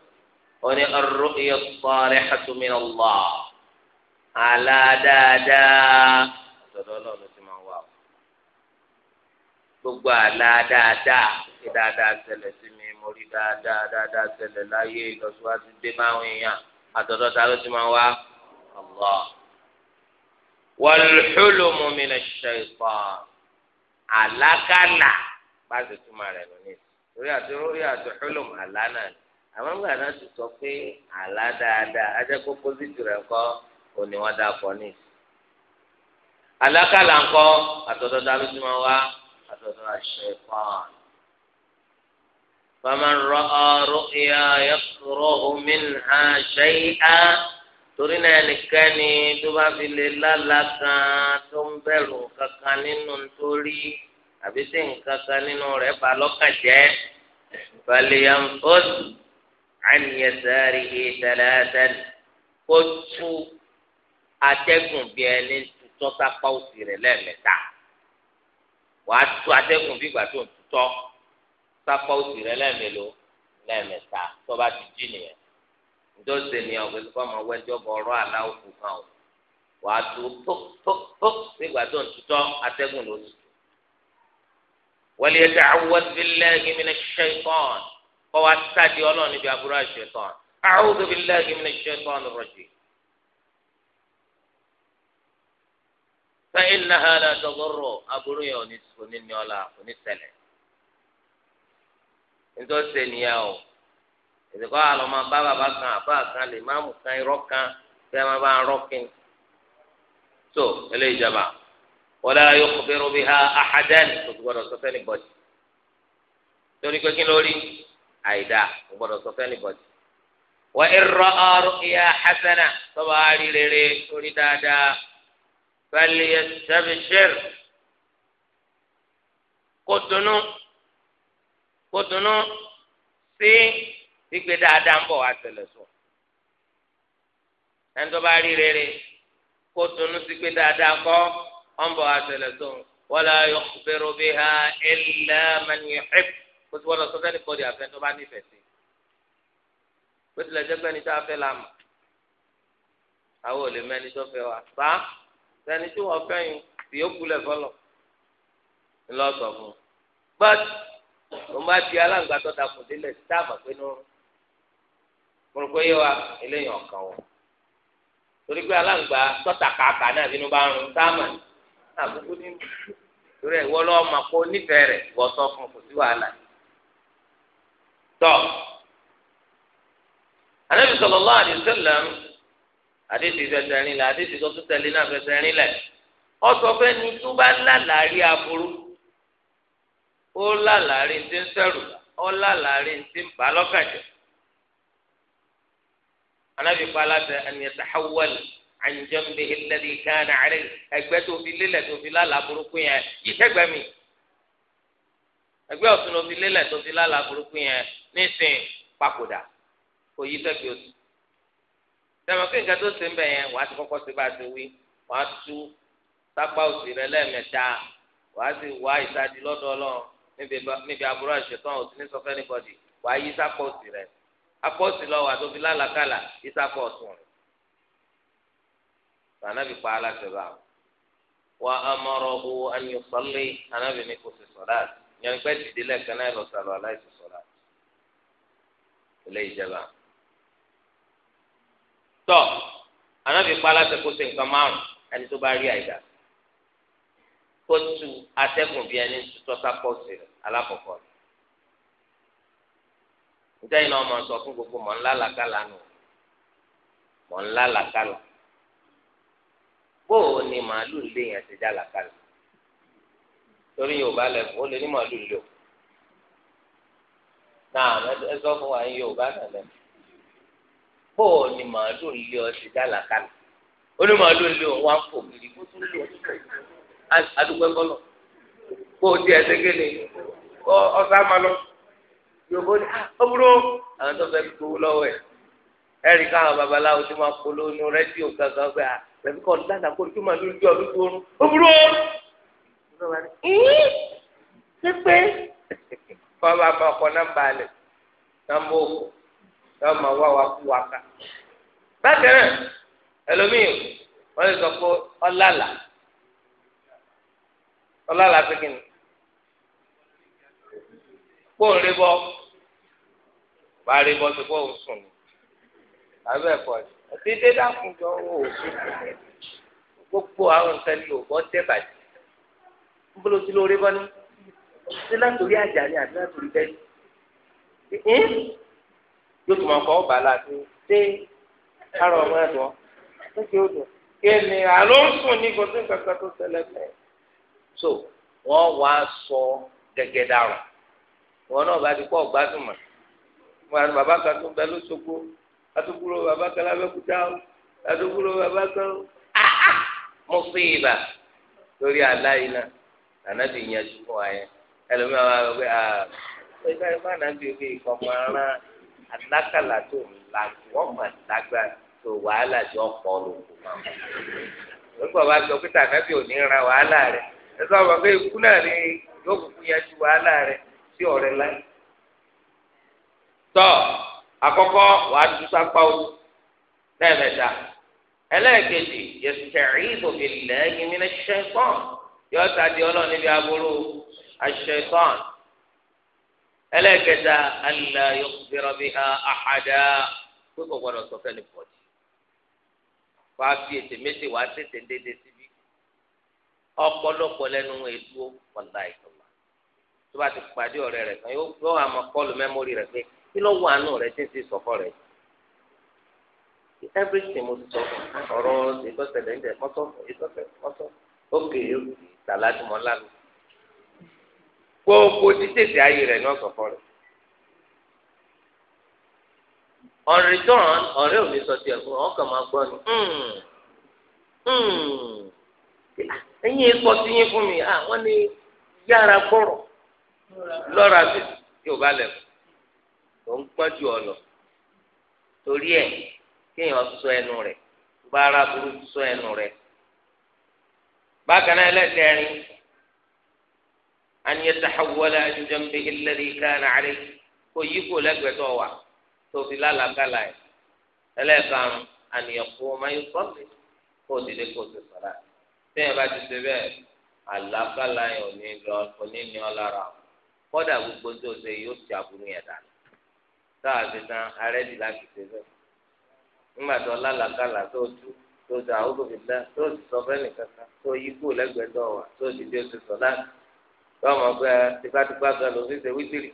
وني الرؤيا الصالحة من الله على دادا تدور gbogbo àlá dáadáa kí dáadáa ṣẹlẹ̀ sí mi mo rí dáadáa dáadáa ṣẹlẹ̀ láyé ìlọsíwájú dé máwọn èèyàn àtọ̀dọ̀ ta ló ti máa wá Allah. wal-hulmu mina shaytan àlákàlà bá ti túmọ̀ rẹ̀ lónìí torí àti orí àti hulmu àlá náà ni àwọn ọmọ àná ti sọ pé àlá dáadáa ajẹ́kọ́ pósítì rẹ̀ kọ́ òní wọ́n dà pọ̀ ní. àlákàlà ńkọ́ àtọ̀dọ̀ ta ló ti máa wá látọ̀dọ̀ àṣẹ fáwọn. فمن رأى رؤيا يكره منها شيئا torí náà nìkẹ́ni tó bá fi lè lála kan tó ń bẹ̀rù kankan nínú nítorí àbí tí nǹkan kan nínú rẹ̀ bá lọ́kàn jẹ́ fàlẹ́yàmfọ́sù àníyẹsàárì ìdàlẹ́sàárì kó tú atẹ́gùn bí ẹni tutọ́ sápá òsì rẹ̀ lẹ́ẹ̀mẹ́ta wàá tu atẹ́gùn bí ìgbà tó ń tutọ́ sápá òsì rẹ lẹ́ẹ̀mẹ́lò lẹ́ẹ̀mẹ́ta tó bá ti jí nìyẹn ntọ́sí ènìyàn pẹ̀lú fọ́ọ̀mù ọwẹ́jọ́ bọ̀ ọ̀rọ̀ aláwọ̀ kù o wàá tu tóktóktó bí ìgbà tó ń tutọ́ atẹ́gùn ló tutù. wọ́n lè dá awọ́d billahi minash shaytan kọ́ wa sáàdì ọlọ́run níbi àbúrò àṣetán a'udhu fẹ́yìn náà hàn lọ́dọ̀gọ́rọ̀ aburú yẹn òní ní ọ̀la òní tẹ̀lẹ̀ nítorí sẹ́niyà o ìdíkọ́ àlọ́ máa bá bàbá kan àbá kan lè má mú kan irọ́ kan fẹ́ máa bá rọ́ kin tó eléyìí jaba wọlé ayé kọfẹ́rù bí ha àhàdẹ́nì tó gbọdọ̀ sọ fẹ́ni bọ́dì torí pé kí lórí àìdá tó gbọdọ̀ sọ fẹ́ni bọ́dì wọ́n irọ́ ọ̀rọ̀ ìyá hasana tó فليستبشر kótónú kótónú sí gbígbé dáadáa ń bọ̀ wá tẹ̀lẹ̀ sọ. ẹni tó bá rí rere kótónú sí gbígbé dáadáa kọ́ ọ̀ ń bọ̀ wá tẹ̀lẹ̀ sọ. wala yukhbiru biha illa man yuhib kó tí wọ́n lọ sọ́fẹ́ ní kọ́ọ̀dì àfẹ́ tó bá nífẹ̀ẹ́ sí. bó tilẹ̀ jẹ́ tó afẹ́ la mọ̀ àwọn ò lè tó fẹ́ wa. sáà tani tí wọn fẹ́ yín tí yóò kulẹ̀ fọlọ̀ ńlọ sọ fún un gbọ́dọ̀ mo máa di aláǹgbá tó ta kùn délẹ̀ tá a mọ̀ pé ní oorun mo rò pé yé wa eléyìí ọ̀kan wọ̀ torí pé aláǹgbá tọ́ta kàkà náà bínú bá ń rún tá a mọ̀ ní torí ẹ̀ wọ́n lọ́ọ́ kó nífẹ̀ẹ́ rẹ̀ wọ́ sọ fún kò sí wàhálà tọ́ Ànábì sallallahu alaihi wasallam àdéhìí fẹsẹ̀ rìn lẹ̀ àdéhìí tó tún tẹ̀lé náà fẹsẹ̀ rìn lẹ̀ ọsọ fẹ́ ni tó bá lálàárí aburú ó lálàárí ti ń sẹ̀rù ó lálàárí ti ń bà lọ́kàjẹ́ anabi kpala tẹ ẹni ẹsẹ hawal anjẹmbe ẹlẹdi gánà àrẹ ẹgbẹ tó fi lélẹ̀ tó fi lálàá burúkú yẹn yìí mi ẹgbẹ ọ̀tún ló fi lélẹ̀ tó fi lálàá burúkú yẹn nísìn papòdà kò yí tẹgbẹ òsì sẹ́mi pé nǹkan tó ṣe ń bẹ̀ yẹn wàá ti kọ́kọ́ ṣe bá a ṣe wí wàá tú sápá òsì rẹ lẹ́ẹ̀mẹ́ta wàá sì wá ìsádi lọ́dọ̀ ọlọ́run níbi aburú àṣetán òsì ní sọfẹ́ níbọ̀dì wàá yí sápá òsì rẹ apá òsì lọ wà tó fi lálàkàlà yí sápá ọ̀tún rẹ. sànàbì pa aláṣẹ bá a wà á mọ̀rọ̀ hu anyọ̀sọ́lé sànàbì ní kò sì sọ̀rọ̀ àti yẹn pẹ́ dìde lẹ́ẹ̀kan náà lọ sàlọ̀ aláìsí sọ̀rọ̀ àti tọ́ anábì kpala ṣe kó ṣe nǹkan márùn ẹni tó bá rí àyíká kó tu atẹ́gùn bíi ẹni tutọ́ sápọ́ọ̀sì rẹ̀ alákọ̀ọ́kọ́ rẹ̀ nítorí náà mọ̀ sọ fún gbogbo mọ̀ ńlá làkàlà nù mọ̀ ńlá làkàlà bóò ni màálù lè yàn ti já làkàlà torí yorùbá lẹ́kọ̀ọ́ ó lè ní màálù lè o náà ẹ sọ fún wa yorùbá náà lẹ́kọ̀ọ́ kó ni ní màálù lé ọ sí dálàkàlà ó ní màálù lé òun wá ń fò kiri kó tún lé ọ adúgbò ẹgbọn lọ kó o di ẹsẹ kéde kó ọsà má lọ yòówó ni ọmọdé àwọn tó fẹẹ gbowó lọ́wọ́ ẹ ẹrí káwọn babaláwo tó máa polówó nu rédíò gángan gbé a ah, pẹ̀lú kọ́ dáadáa kó o tún màálù lé ọ lójú oorun ọmọdé ṣé pé kọ́ bá bá ọkọ̀ náà balẹ̀ náà mọ̀ yóò máa wá wa kú wa ká bákan náà ẹlòmíì wọn lè sọ pé ọlàlà ọlàlà pé kí ni kó o rí bọ bá rí bọ tó kó o sùn ní abẹ́ ẹ̀kọ́ ẹ̀sìn dédá fún jọ o ò sùn gbogbo àwọn nǹkan ní òbọ̀ tẹ́ bàjẹ́ nbolo tí lóore bọ́ ní sí látòrí àjà ni àbí látòrí bẹ́ẹ̀ ni yóò tún máa kọ́ láti ṣé ara ọmọ ẹ̀ dùn ó kí ó ni àló ń sùn ní kò sí nǹkan kan tó ṣẹlẹ̀ bẹ́ẹ̀. so wọ́n wá sọ gẹ́gẹ́ dàrú ìwọ náà bá ti kọ́ ọ̀gbádùn mọ̀ wọn àti bàbá kan tó ń bẹ lóṣogbo àtúkúrò bàbá kan lábẹ́kúta àtúkúrò bàbá kan ah, ah! mo fi ibà lórí aláìlá ànábì yẹn tó wáyé ẹlòmíràn wà lọ pé ah ẹgbẹ́ ìfọ̀nàbí ìkọ̀ọ̀mọ́ ara alákàlà tó ń la wọ́n mọ̀ lágbá tó wàhálà tí wọ́n pọ̀ lóko mọ́. lóko bá sọ pété ànábì ò ní ra wàhálà rẹ̀ ẹ sọ wọn pé ikú náà ni yóò kúkú yẹn ju wàhálà rẹ̀ sí ọ̀rẹ́ láì. tọ́ àkọ́kọ́ wàá tún sápá o lẹ́ẹ̀mẹ́ta ẹlẹ́ẹ̀kejì yẹsẹ̀rí ìbòmìnira yìí ní ṣẹ́ńtọ́n yọ̀ọ́ta di ọlọ́ọ̀ni bí aburú àṣẹ̀tọ́n ẹlẹ́kẹta alẹ́ yóò fẹ́ràn bí ha àhàdá pé kò gbọdọ̀ sọ fẹ́ni pọ̀jù wá fi ètè méjì wá tètè déédéé síbí ọ̀pọ̀lọpọ̀ lẹ́nu èdúró ọ̀la ìtọ́lá tó bá ti pàdé ọ̀rẹ́ rẹ̀ kan yóò hàn mọ́ kọ́ọ̀lù mẹ́mórì rẹ̀ pé kí ló wà nù rẹ̀ tí ń ti sọ̀kọ́ rẹ̀ everything mo ti sọ ọ̀rọ̀ ìtọ́sẹ̀lẹ̀ ń jẹ́ mọ́tọ́ ìtọ́sẹ̀ mọ́tọ́ ókè ìtàlájúmọ́ lálùú. gbogbo títètè ayé rẹ ní ọ̀sán fọ́ rẹ̀. on return ọ̀rẹ́ ò ní sọ tiẹ̀ fún ọkàn máa gbọ́ ni hmm. Hmm. ẹ̀yin yín fún mi àwọn ni yára bọ̀rọ̀ lọ́ra mi yóò bá lẹ tó ń ju torí ẹ kéèyàn sọ ẹnu burú sọ ẹnu bákan náà أن يتحول عن جنبه الذي كان عليه ويكو لك توا توفي لا لا كلا لا كان أن يقوم يصلي قد لقوت الصلاة تين بعد سبب àlákàlà yẹn òní ní ọlára kọ́dà gbogbo tó ṣe yóò ti àbúrò yẹn dànù táà ti tan arẹ́dì láti ṣe bẹ́ẹ̀ nígbà tó lálàkàlà tó tu tó ta ó tó fi dá tó ti sọ fẹ́ nìkan kan tó yí kú lẹ́gbẹ̀ẹ́ tó wà tó ti bí ó ti sọ láti lọ́mọ pé tipátipá gan ló fi ṣe wítìrì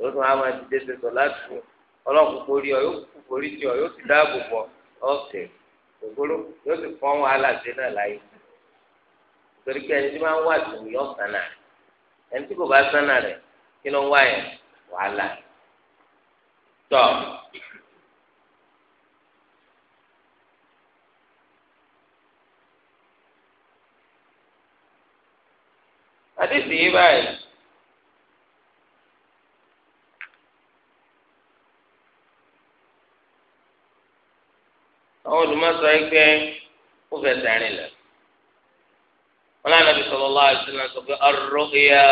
ló tún á máa ti dé ṣe sọ láti fún ọlọ́run kórí ọ yóò kú kórí tí ọ yóò ti dáàbò bọ ọ̀sẹ̀ ògbóró yóò sì fọ́n wàhálà sí náà láyé torí pé ẹni tí máa ń wà sí ìyọ́ sànà ẹni tí kò bá sànà rẹ̀ kí ló ń wá yẹn wàhálà tọ́. àdéhùn yìí báyìí. àwọn olùmọ̀sọ ẹgbẹ́ ó fẹ́ sẹ́rin lẹ̀. wọn lànà bí sallallahu àti wasallam sọ àlẹ pé ar-ru'ya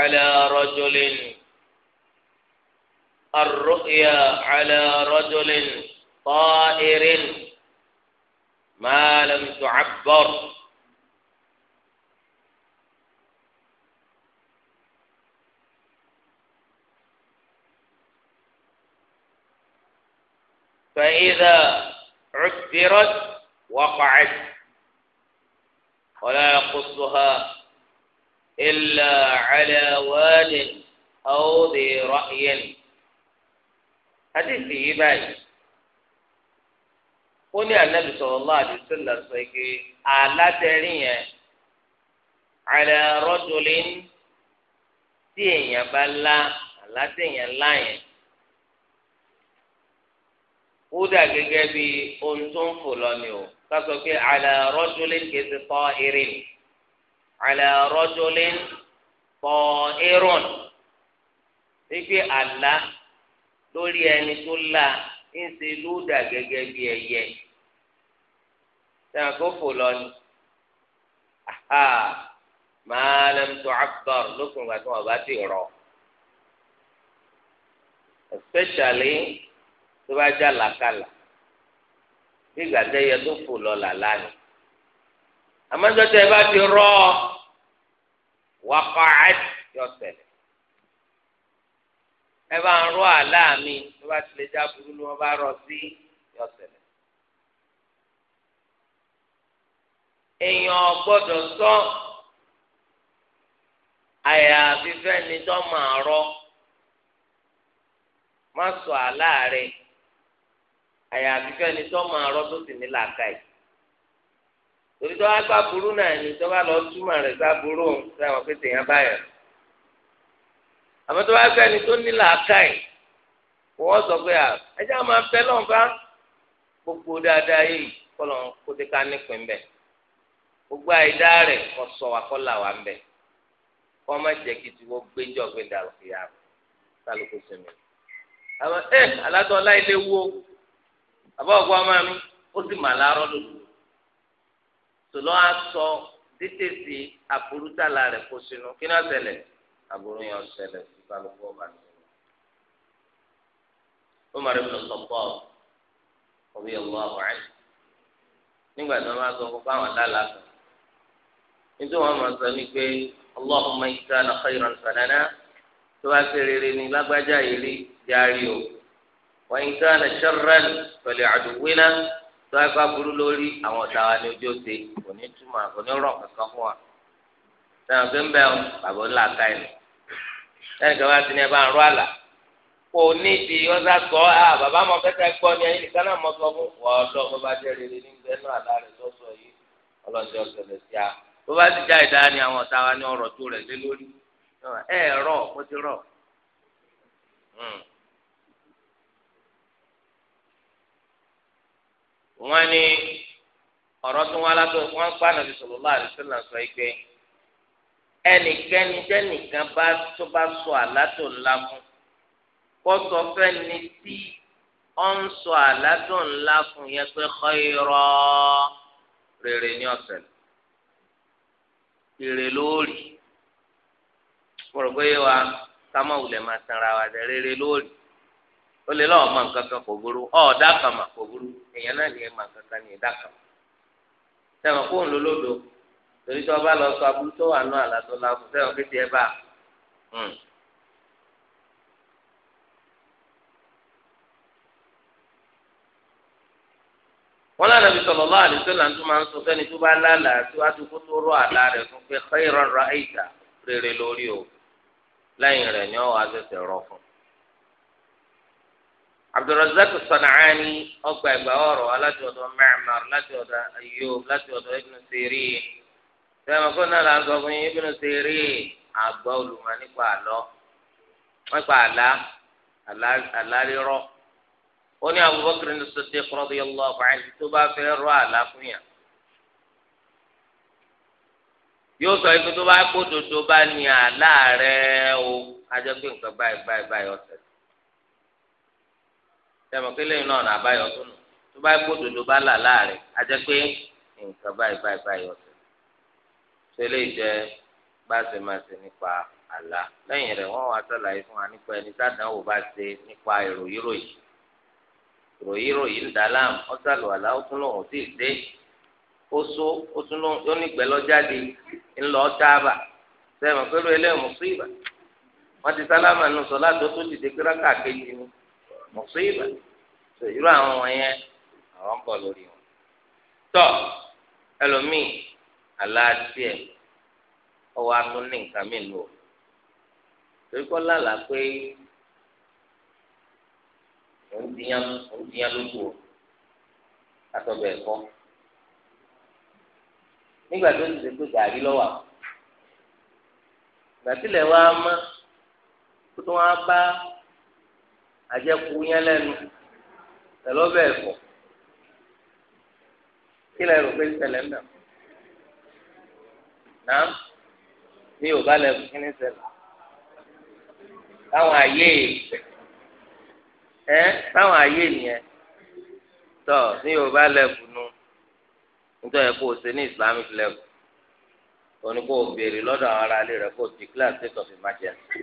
ala rajulin ar-ru'ya ala irin ta'irin ma tó àbọrò. فإذا عثرت وقعت ولا يقصها إلا على واد أو ذي رأي حديث يبين ó ní anabi sallallahu alaihi wasallam sọ pé aládẹrí yẹn ala rajulin tí èèyàn bá lá aládẹyìn lá yẹn ó dà gẹ́gẹ́ bí ohun tó ń fò lọ ni o ká sọ pé àlà rọ́jòlín kìí ṣe tọ́ irin àlà rọ́jòlín tọ́ irun wípé àlá lórí ẹni tó là ń ṣe ló dà bí ẹyẹ sẹ́wọ̀n kó fò lọ ni máa lẹ́nu tó àbọ̀r lókun ìgbà tí bá ti rọ̀ especially tó bá já làkàlà bí ìgbà tẹ yẹ tó fò lọ làlá ni àmọ́jọ́ tẹ ẹ bá ti rọ wakọ̀ ẹ̀ yọ sẹ̀lẹ̀ ẹ bá ń rọ àlá mi tó bá ti lè burú ni wọ́n bá rọ sí yọ èèyàn gbọ́dọ̀ sọ àyàfi fẹ́ni tó máa rọ má sọ àlá rẹ̀ àyàfi fẹ́ni tó máa rọ́ tó sì ní làákàyè torí tó bá gbà burú náà ni tó bá lọ túmọ̀ rẹ̀ sá burú òun sáwọn pété yẹn báyọ̀ àmọ́ tó bá fẹ́ni tó ní làákàyè kò wọ́n sọ pé ẹjẹ́ àwọn máa fẹ́ lọ́nfà gbogbo dáadáa yìí kọ́lọ̀ kó dé ká nípìn bẹ̀ gbogbo àìdá rẹ̀ kọ́ sọ wa kọ́ là wà ń bẹ̀ kọ́ má jẹ́ kí tí wọ́n gbéjọ́ gbé dàrú fìyà kálukú sinmi àbá ọgbọ ọmọ mi ó sì mà láàárọ̀ lòdù tòlọ́ á sọ títèsí aburú tàlà rẹ̀ kó sínú kí náà ṣẹlẹ̀ aburú yẹn ṣẹlẹ̀ sí balùwẹ̀ ọba mi. Umar ibn al-Khattab radiyallahu anhu nígbà tí wọ́n bá sọ fún báwọn lálàá kan nítorí wọ́n máa sọ ní pé Allahumma in kana khayran falana tó bá ṣe rere ní lágbájá yìí rí járí o. وإن كان شرا فلعدونا tọ́ka burú lórí àwọn ọ̀tá wa ní ojú ọ̀sẹ̀ kò ní túmọ̀ kò ní rọ̀ kankan fún wa sẹ́wọ̀n pé ń bẹ́ ọ bàbá ńlá ká ẹ̀ lẹ́yìn kan bá ti ní ẹ bá ń rọ àlà kò ní ti wọ́n sá sọ ọ́ à bàbá mọ fẹ́fẹ́ gbọ́ ni ẹ̀yin nìkan náà mọ sọ fún ọ̀dọ́ bó bá jẹ́ rere ní ìgbẹ́ náà lọ́sọ̀ yìí ọlọ́sẹ̀ wọ́n ní ọ̀rọ̀ tó wọn alátó wọn pa nàbí sallallahu alaihi wasallam sọ pé ẹnikẹ́ni tẹ́nìkan bá tó bá sọ àlátò ńlá fún kó sọ fẹ́ni tí ó ń sọ àlátò ńlá fún yẹn pé khayra rere ní ọ̀sẹ̀ rere lórí mo rò wa ká má máa tanra wa rere lórí ó lè lọ́wọ́ mọ nǹkan kan kò burú ọ̀ọ́dá kan mà kò burú èèyàn náà ní ẹ máa kankan ní ẹ̀dá kan sẹ́wọ̀n kó ń lo lódò torí tí wọ́n bá lọ sọ abúlé tó wà nù àlàtọ́ la fún sẹ́wọ̀n kéde ẹ bá hmm. wọn lànà bí sọlọ lọ àdìsọ là ń tún máa ń sọ fẹ́ni tó bá lálàá síwájú kó tó rọ àlá rẹ̀ fún pé xeyìrán ra ẹyìká rere lórí o lẹ́yìn rẹ̀ ni ọ wà sẹsẹ rọ fún un abdulrazak sanaani ọgbà ẹgbà ọ̀rọ̀ aláti ọ̀dọ̀ mẹmàr láti ọ̀dọ̀ ayub láti ọ̀dọ̀ ibnu siri sẹmọ kó náà là ń sọ fún yín ibnu siri àgbà olùmọ̀ nípa àlọ nípa àlá àlárírọ ó ní abubakar ní sadiq radiyallahu anhu tó bá fẹ́ rọ àlá fún yàn yóò sọ ibi tó bá kó dodo bá ní àlá rẹ o ajọ pé nǹkan báyìí báyìí báyìí ọ̀sẹ̀. sẹ́wọ̀n kí lẹ́yìn na nàbáyọ̀ tó nù tó bá kó dodo bá là láàrin pé nǹkan báyìí báyìí báyìí ṣe lè jẹ́ máa ṣe nípa àlá lẹ́yìn rẹ̀ wọ́n wá sàlàyé fún wa nípa ẹni sádàáwò bá ṣe nípa ìròyìnròyìn ìròyìnròyìn ń láàmú àlá ó tún ó ó tún ní jáde ńlọ ìbà mùsíbà tó irú àwọn wọ̀nyẹn àwọn ń bọ̀ lórí wọn. tọ́ ẹlòmíì aláàtì ẹ̀ ọwọ́ atún ní nǹkan mi lò torí kọ́ lálàá pé òun dìyàn òun dìyàn lóko àtọ̀bẹ̀ ẹ̀kọ́ nígbà tó ti ṣe pé gàrí lọ́wọ́ àwọn gbàtílẹ̀ wa mọ́ kó tó wọn bá àjẹkù yẹn lẹ́nu tẹ̀lọ́ bẹ́ẹ̀ fọ̀ kí lẹ́rù pé ṣẹlẹ̀ ń bẹ̀ náà ní yorùbá lẹ́rù kí ni ṣẹlẹ̀ táwọn àyè ẹ táwọn àyè nìyẹn tọ ní yorùbá lẹ́rù nu nítorí kó o ṣe ní islamic lẹ́rù òní kó o béèrè lọ́dọ̀ àwọn ará ilé rẹ̀ kó o declare state of emergency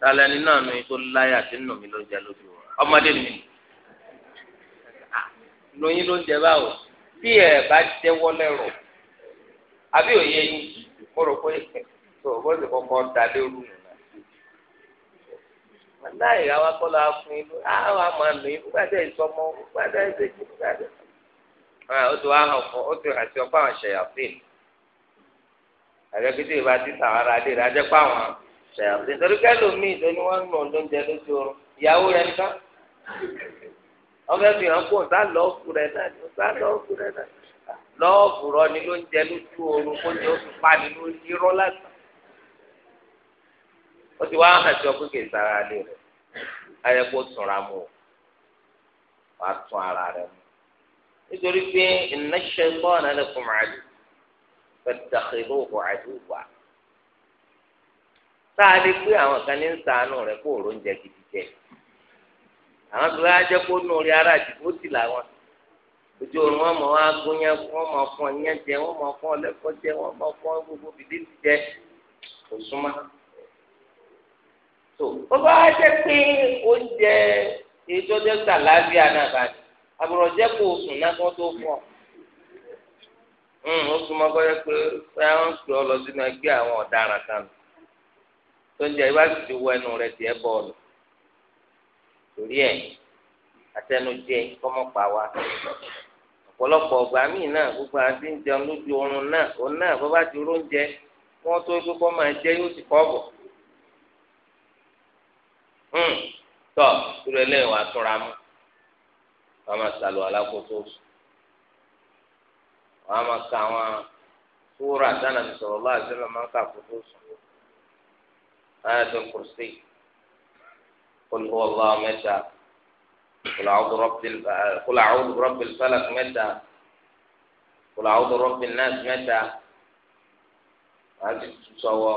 tala ni náà nu tó láyà tí nù mí ló ń jẹ lójú wọn ọmọdé mi lóyún ló ń jẹ báwo tí ẹ bá jẹwọ lẹrọ àbí òye yín mo rò pé tó o bó ti kọ́kọ́ da lérú nù náà wàláyé àwa kọ́ la fún yín ló àwa máa lò yín nígbà tẹ̀ ìsọmọ nígbà tẹ̀ ìsèjì nígbà tẹ̀. ó ti wá hàn fún ó ti àti ọ̀pá àwọn ṣẹ̀yà fíìmù àjẹpítì ìbá ti sàwọn ará dé rẹ̀ àjẹpá àwọn ṣàyàtì torí kẹlò míì tó ní wọn mọ lóúnjẹ lójú oorun ìyàwó rẹ nìkan ọbẹ fi hàn kó sá lọọfù rẹ náà ni sá lọọfù rẹ náà lọọfù rọ ni lóúnjẹ lójú oorun kó ní o fi pa ni irọ́ lásán ó ti wá hàn sí ọ sára lé rẹ ayẹ kó túnra mu wàá tún ara rẹ mu nítorí pé ìnáṣẹ gbọ́n náà lè fún màálù fẹ́ dàkẹ́ lóògùn àdúgbò tá a pé àwọn kan ní ń rẹ kó òró ń jẹ gidi jẹ àwọn tó bá jẹ kó nù ara àdìgbò tì làwọn ojú oorun wọn mọ wá wọn mọ fún jẹ wọn mọ fún ọlẹkọ jẹ wọn mọ fún gbogbo bìbí jẹ kò o bá jẹ pé oúnjẹ jẹ sàlàbíà náà àbúrò jẹ kó o sùn náà kó tó fún ọ. Hmm, ọ lọ sínú ẹgbẹ́ àwọn ọ̀daràn kan tó ń jẹ ìwádìí ti wọ ẹnu rẹ tiẹ bọ́ọ̀lù torí ẹ àtẹnujẹ kọmọpá wa ọ̀pọ̀lọpọ̀ ọgbà míì náà gbogbo àti ń jẹun lójú oorun náà òun náà bọ́bá ti róúnjẹ wọ́n tó gbé kọ́ máa jẹ́ yóò ti kọ́ bọ̀ hmm, tọ́ irú ẹlẹ́yìn wa túnra mú wọ́n máa sàlù alákòóso wọ́n máa ka àwọn súrà sánà sọ̀rọ̀ lọ́wọ́ àti sẹ́lẹ̀ máa ń kà sùn ayatul kursi qul huwa allah mẹ́ta qul a'udhu rabbil qul a'udhu rabbil falaq mẹ́ta qul a'udhu rabbin nas mẹ́ta wàá ti sọwọ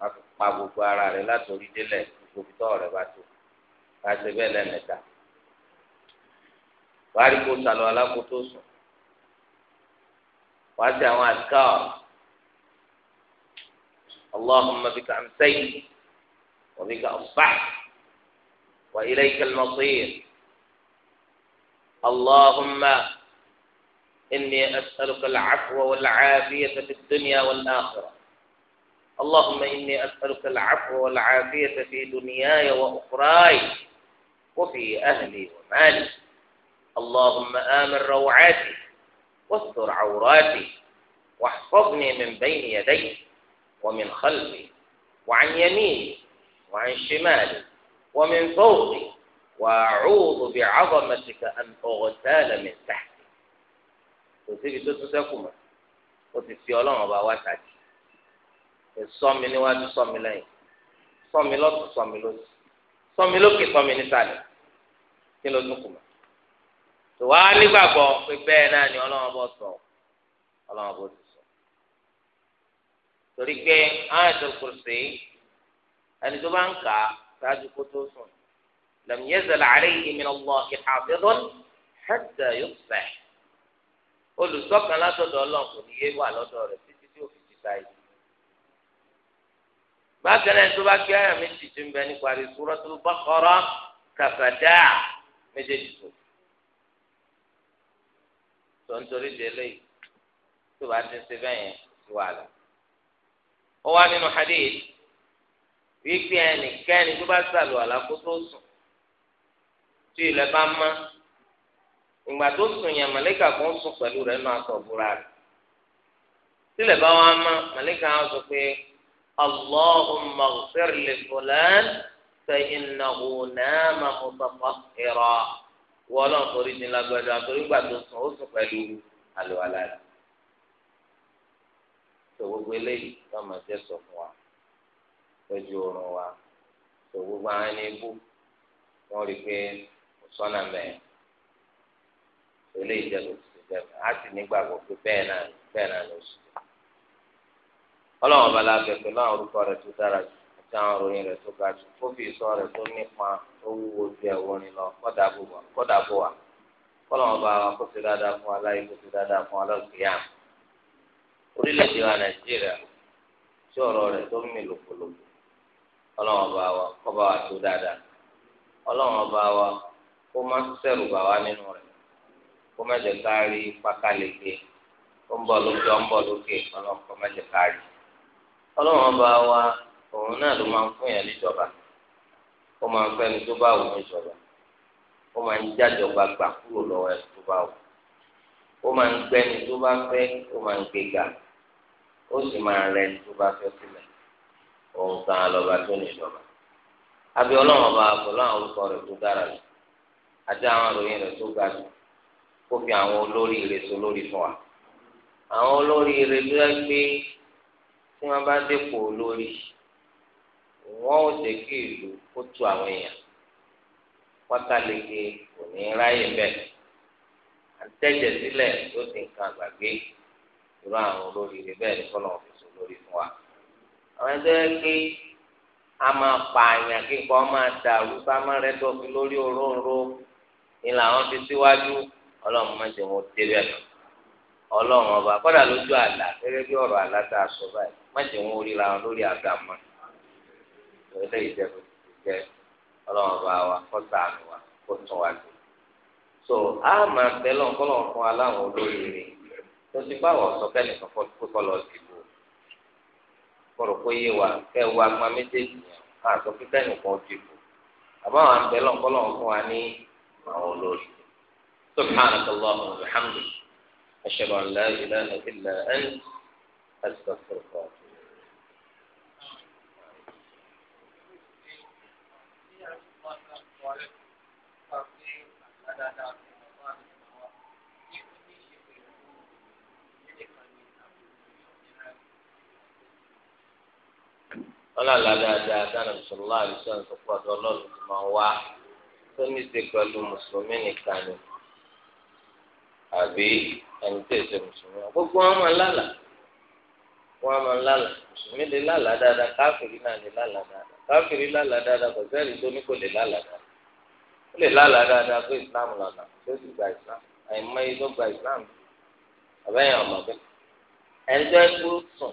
wàá fi pa gbogbo ara rẹ látòrí délẹ̀ gbogbo tọ rẹ bá tó wàá ṣe bẹ́ẹ̀ lẹ́mẹ̀ta wàá rí kó sàlọ alákòótó sùn wàá ṣe àwọn àtikáwọ. اللهم بك أمسيت وبك أصبحت وإليك المصير اللهم إني أسألك العفو والعافية في الدنيا والآخرة اللهم إني أسألك العفو والعافية في دنياي وأخراي وفي أهلي ومالي اللهم آمن روعاتي واستر عوراتي واحفظني من بين يديك ومن خلفي وعن يميني وعن شمالي ومن فوقه وأعوذ بعظمتك أن أغتال من تحتي وسيبي تتسكما وتسي الله وبواتك الصم نواد الصم لين صم لوت صم لوت صم لوك صم نسالي كيلو تكما tòwá nígbàgbọ́ pé bẹ́ẹ̀ náà ni ọlọ́run bọ̀ sọ ọlọ́run bọ̀ torí pé Ayatul Kursi ẹni tó bá ń kà á ṣáájú kó tó sùn lam yazal alayhi min Allahi hafizun hatta yusbih olùsọ́kan látọ̀dọ̀ Ọlọ́run kò ní yé wà lọ́dọ̀ rẹ̀ títí tí ó fi ti ta yìí. bákan náà tó bá kí àyà méjì ti ń bẹ ní parí Suratul Baqara kàfàdá méjèèjì tó. tó ń torí délé tó bá ti ń ṣe bẹ́ẹ̀ yẹn wà lọ ó wá nínú hadith wípé ẹnikẹ́ni tó bá sàlù àlàkótó sùn tí ilẹ̀ bá mọ́ ìgbà tó sùn yẹn màlẹ́kà kan sùn pẹ̀lú rẹ̀ náà sọ̀ búra rẹ̀ tílẹ̀ bá wà mọ́ màlẹ́kà á sọ pé allahumma ighfir li fulan fa innahu nama mutafakkira wọ́n lọ́n forí ní lágbàdo àtòrí tó sùn ó sùn pẹ̀lú àlùwàlá tó gbogbo eléyìí wọn máa jẹ sọ fún wa lójú oorun wa tó gbogbo àwọn ẹni bú wọn rí i pé sọnà mẹ́ẹ̀ eléyìí jẹ bẹ pẹ̀lú àwọn orúkọ rẹ̀ tó dára jù àti àwọn òròyìn rẹ̀ tó ga jù fi ìsọ rẹ̀ tó nípa owó ojú lọ wá wá kó ti dáadáa fún ti dáadáa orílẹ̀-èdè wa nàìjíríà tí ọ̀rọ̀ rẹ̀ tó mì lòpòlòpò ọlọ́run ọba wa kọ́ba wa tó dáadáa ọlọ́run ọba wa kó má sẹ́rù bà wá nínú rẹ̀ kó má jẹ́ kárí pákáleke ó ń bọ̀ lókè ó ń bọ̀ lókè ọlọ́run má ọlọ́run ọba wa òun náà ló máa ń fún yẹn níjọba ó máa ń fẹ́ni tó ó máa ń gbẹ́ni tó bá fẹ́ ó máa ń gbéga ó sì máa rẹni tó bá fẹ́ sílẹ̀ òun kan lọ́ba tó ní ìjọba àbí ọlọ́run ọba pẹ̀lú àwọn orúkọ rẹ̀ tó dára lọ àti àwọn àròyìn rẹ̀ tó ga jù kó fi àwọn olórí ire so lórí fún wa àwọn olórí ire ló yẹ pé tí wọ́n bá dépò olórí wọ́n ò jẹ́ kí ìlú kó tu àwọn èèyàn pátáléke kò ní ráyè bẹ́ẹ̀ àtẹ̀jẹ̀ sílẹ̀ ló ti nǹkan àgbàgbé irú àwọn olóríire bẹ́ẹ̀ ni kọ́lọ́ fi sùn lórí fún wa. àwọn ẹgbẹ́ pé a máa pa àyàn kí nǹkan máa dàrú ká má rẹ dọ̀fi lórí òróǹro ni làwọn fi síwájú ọlọ́run má jẹ́ wọn débẹ̀ lọ. ọlọ́run ọba kọ́dà lójú àlá gẹ́gẹ́ bí ọ̀rọ̀ àlá tá a sọ báyìí má jẹ́ orí làwọn lórí àga mọ́. ọlọ́run ọba wa kọ́ sàánù wa kó tún wa lò so a máa bẹ lọ́n kọ́ lọ́n fún aláwọn olóríire tó ti bá wọ̀ sọ fẹ́ni kankan tó kọ́ lọ dìbò kọ̀rọ̀ pé yé wa kẹ́ wa gba méjèèjì yẹn a sọ fún fẹ́ni kan dìbò àbáwọn àbẹ lọ́n kọ́ lọ́n fún wa ní àwọn olórí سبحانك اللهم وبحمدك أشهد أن لا إله إلا أنت أستغفرك wọn là lá dáadáa dáná bisalòlá àbísọ ìsọpọ ọ̀dọ̀ Ọlọ́run tó máa wá tó ní ṣe pẹ̀lú mùsùlùmí nìkan ni àbí ẹni tó ṣe mùsùlùmí gbogbo wọn máa lálà wọn máa lálà mùsùlùmí lè lálà dáadáa káfíìrì náà lè lálà dáadáa káfíìrì lálà dáadáa kò sẹ́ẹ̀rì tó ní kò lè lálà dáadáa ó lè lálà dáadáa pé islam lọ́nà tó sì gba islam àìmọye tó gba islam àbẹ́yẹn ọmọ bẹ́ẹ̀ ẹ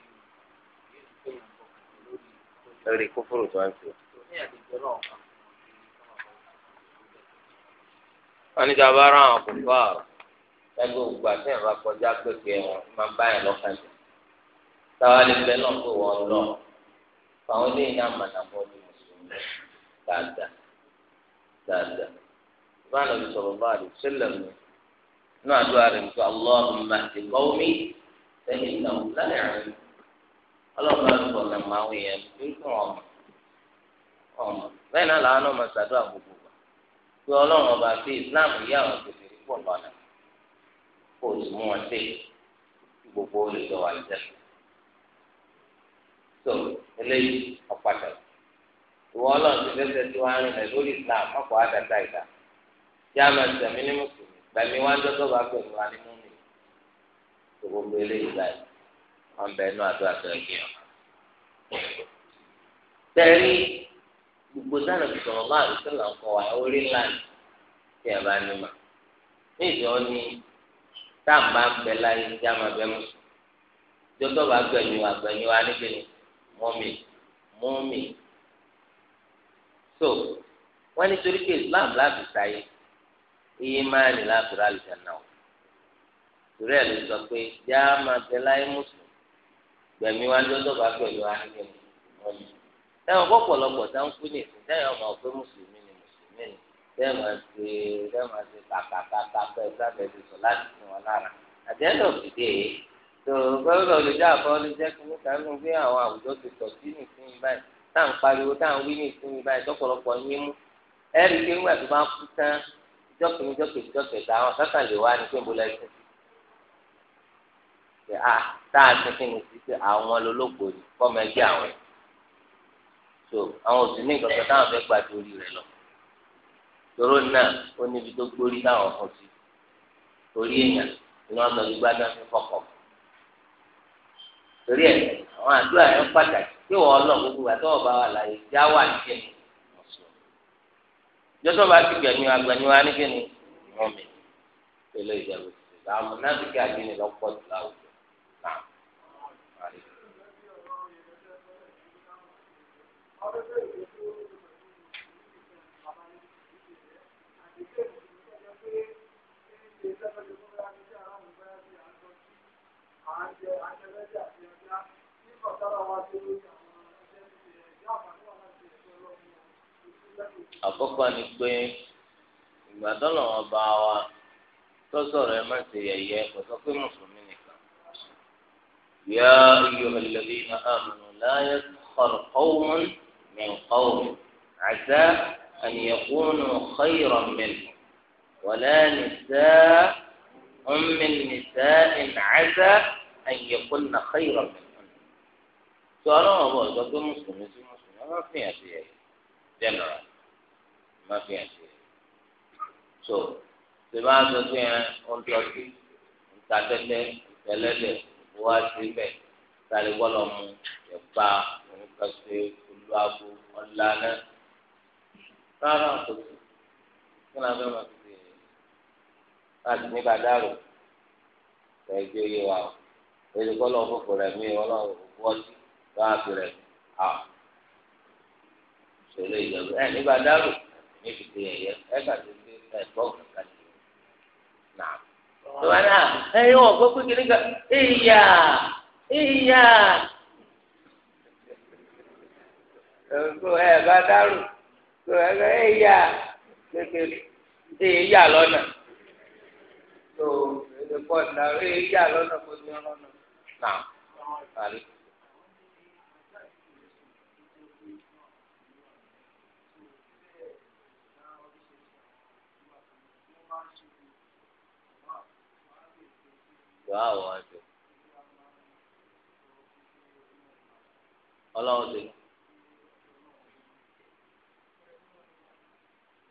lórí kúfúrú tó ń sè. wọ́n ní sábà rán àwọn kò fà ọ́ ẹgbẹ́ ògbó àti ẹ̀rọ akọjá pèpè wọn máa ń bá yẹn lọ́kàn jù táwa lè fẹ́ náà pé wọ́n lọ àwọn eléyìí náà mà náà bọ́ọ̀lù mùsùlùmí dáadáa dáadáa ìbáná bí sọ̀rọ̀ bá àdùn sílẹ̀ mi náà àdúrà rẹ̀ nípa ọlọ́run máa ti kọ́ mi sẹ́yìn náà láyà rẹ̀ ọlọ́run máa ń bọ̀ ọ̀nà mọ àwọn èèyàn torí fún ọmọ ọmọ bẹ́ẹ̀ náà làwọn náà máa ṣàdúrà gbogbo gbà pé ọlọ́run ọba àti Islam yí àwọn kòtìrì pọ̀ lọ́nà kó o sì mú wọn sí gbogbo olùdó wa jẹ so eléyìí ọ̀pàdà ìwọ ọlọ́run ti fẹsẹ̀ tí wọ́n á rìn rẹ̀ lórí Islam ọkọ̀ àdàtà ìdá tí a máa tẹ̀mí ní mùsùlùmí gbàmí wájú ọgọ́ba pẹ̀lú wa ní múmi gbogbo eléyìí wọn bẹ inú àdó àtọ ẹgbẹ́ ọ tẹrí gbogbo dáná fi sọ̀rọ̀ máa lè sọ̀rọ̀ ọkọ wa orí ńlá ni tí ẹ bá ní ma ní ìjọ ni tá à ń bẹ láyé tí a máa bẹ mú jọtọ bá gbẹ̀yìn wa wa níbi ni mọmi mọmi so wọn nítorí pé Islam láti sáyé iye máa ní láti rà lùtẹ̀ náà torí ẹ̀ ló sọ pé já máa bẹ láyé mùsùlùmí gbẹ̀mí wa lọ́dọ̀ bá pẹ̀lú àníyàn ọ̀nà táwọn ọ̀pọ̀lọpọ̀ tá ń kú ní ìsìn táwọn ọmọ ọ̀pẹ mùsùlùmí ni mùsùlùmí ni bẹ́ẹ̀ máa ṣe bẹ́ẹ̀ máa ṣe kàkàkàkà pẹ́ sábẹ́ ti sọ láti fún wọn lára àdéhùn òkìdé tó gbọ́dọ̀ lè dá àbọ̀ lè jẹ́ kí níta nínú bí àwọn àwùjọ ti tọ̀ sí nìsín báyìí táà ń pariwo táà ń wí nìsín báyìí tọ́pọ̀lọpọ̀ yín mú ẹ̀rí pé nígbà tó bá kú tán jọ́kìnrin jọ́kìnrin jọ́kìnrin àwọn sákàlẹ̀ wá ní pé mo lọ ẹ̀sìn pé a tá a ti kí ni sí pé àwọn olólogbo ni fọmọ àwọn ẹ̀ so àwọn òsì ní ìgbàgbọ́ táwọn fẹ́ gbà torí rẹ̀ lọ tòró náà ó níbi tó gbórí táwọn ọkọ̀ sí torí èèyàn ni wọ́n sọ gbígbá náà fi kọ̀kọ̀ torí ẹ̀ àwọn àdúrà yẹn pàtàkì tí wọ́n lọ gbogbo àti wọ́n bá wà láàyè já wà nígbè ní mùsùlùmí jọ́sọ̀ bá ti gbẹ̀mí agbẹ̀mí wa nígbè ní mọ́mí pẹ̀lú ìjẹ̀bù ìgbà mọ́ náà ti kí àgbẹ̀ jù láwùjọ. àkọ́kọ́ ni pé ìgbàdọ́nà ọba wa tó sọ̀rọ̀ ẹ má ṣe kò sọ pé يا أيها الذين آمنوا لا يسخر قوم من قوم عسى أن يكونوا خيرا منهم ولا نساء من نساء عسى أن يكون خيرا منهم سؤال الله إذا كنت مسلم ما فيها شيء جنرال ما فيها شيء so tí wọ́n á sọ pé ẹ̀ ń wá sí bẹ́ẹ̀ sáré wọ́lọ̀ mu ẹ̀pà oníkàṣe olúwago ọ̀lànà rárá kò sí kí ni a fẹ́ máa fi láti ní bàdàrò ẹ̀jẹ̀ yé wa o èyí kọ́ lọ́wọ́ fòfò rẹ̀ mí ọlọ́wọ́ fòfò ọtí lọ́wọ́ àti rẹ̀ à ṣòro ìjọba ẹ̀ ní bàdàrò ní fìdí ẹ̀yẹ ẹ̀ kàtó gbé ẹ̀gbọ́n kàkàtà lọ́wọ́ náà wọn gbọ́ pé kìnnìkan ìyá ìyá ẹ̀kọ́ ẹ̀ bá dárò tó ẹ̀kọ́ ìyá kékeré ìyá lọ́nà tó ẹ̀kọ́ ìdárò ìyá lọ́nà kò ní ọ̀nà dùá wọn jù ọlọ́run ti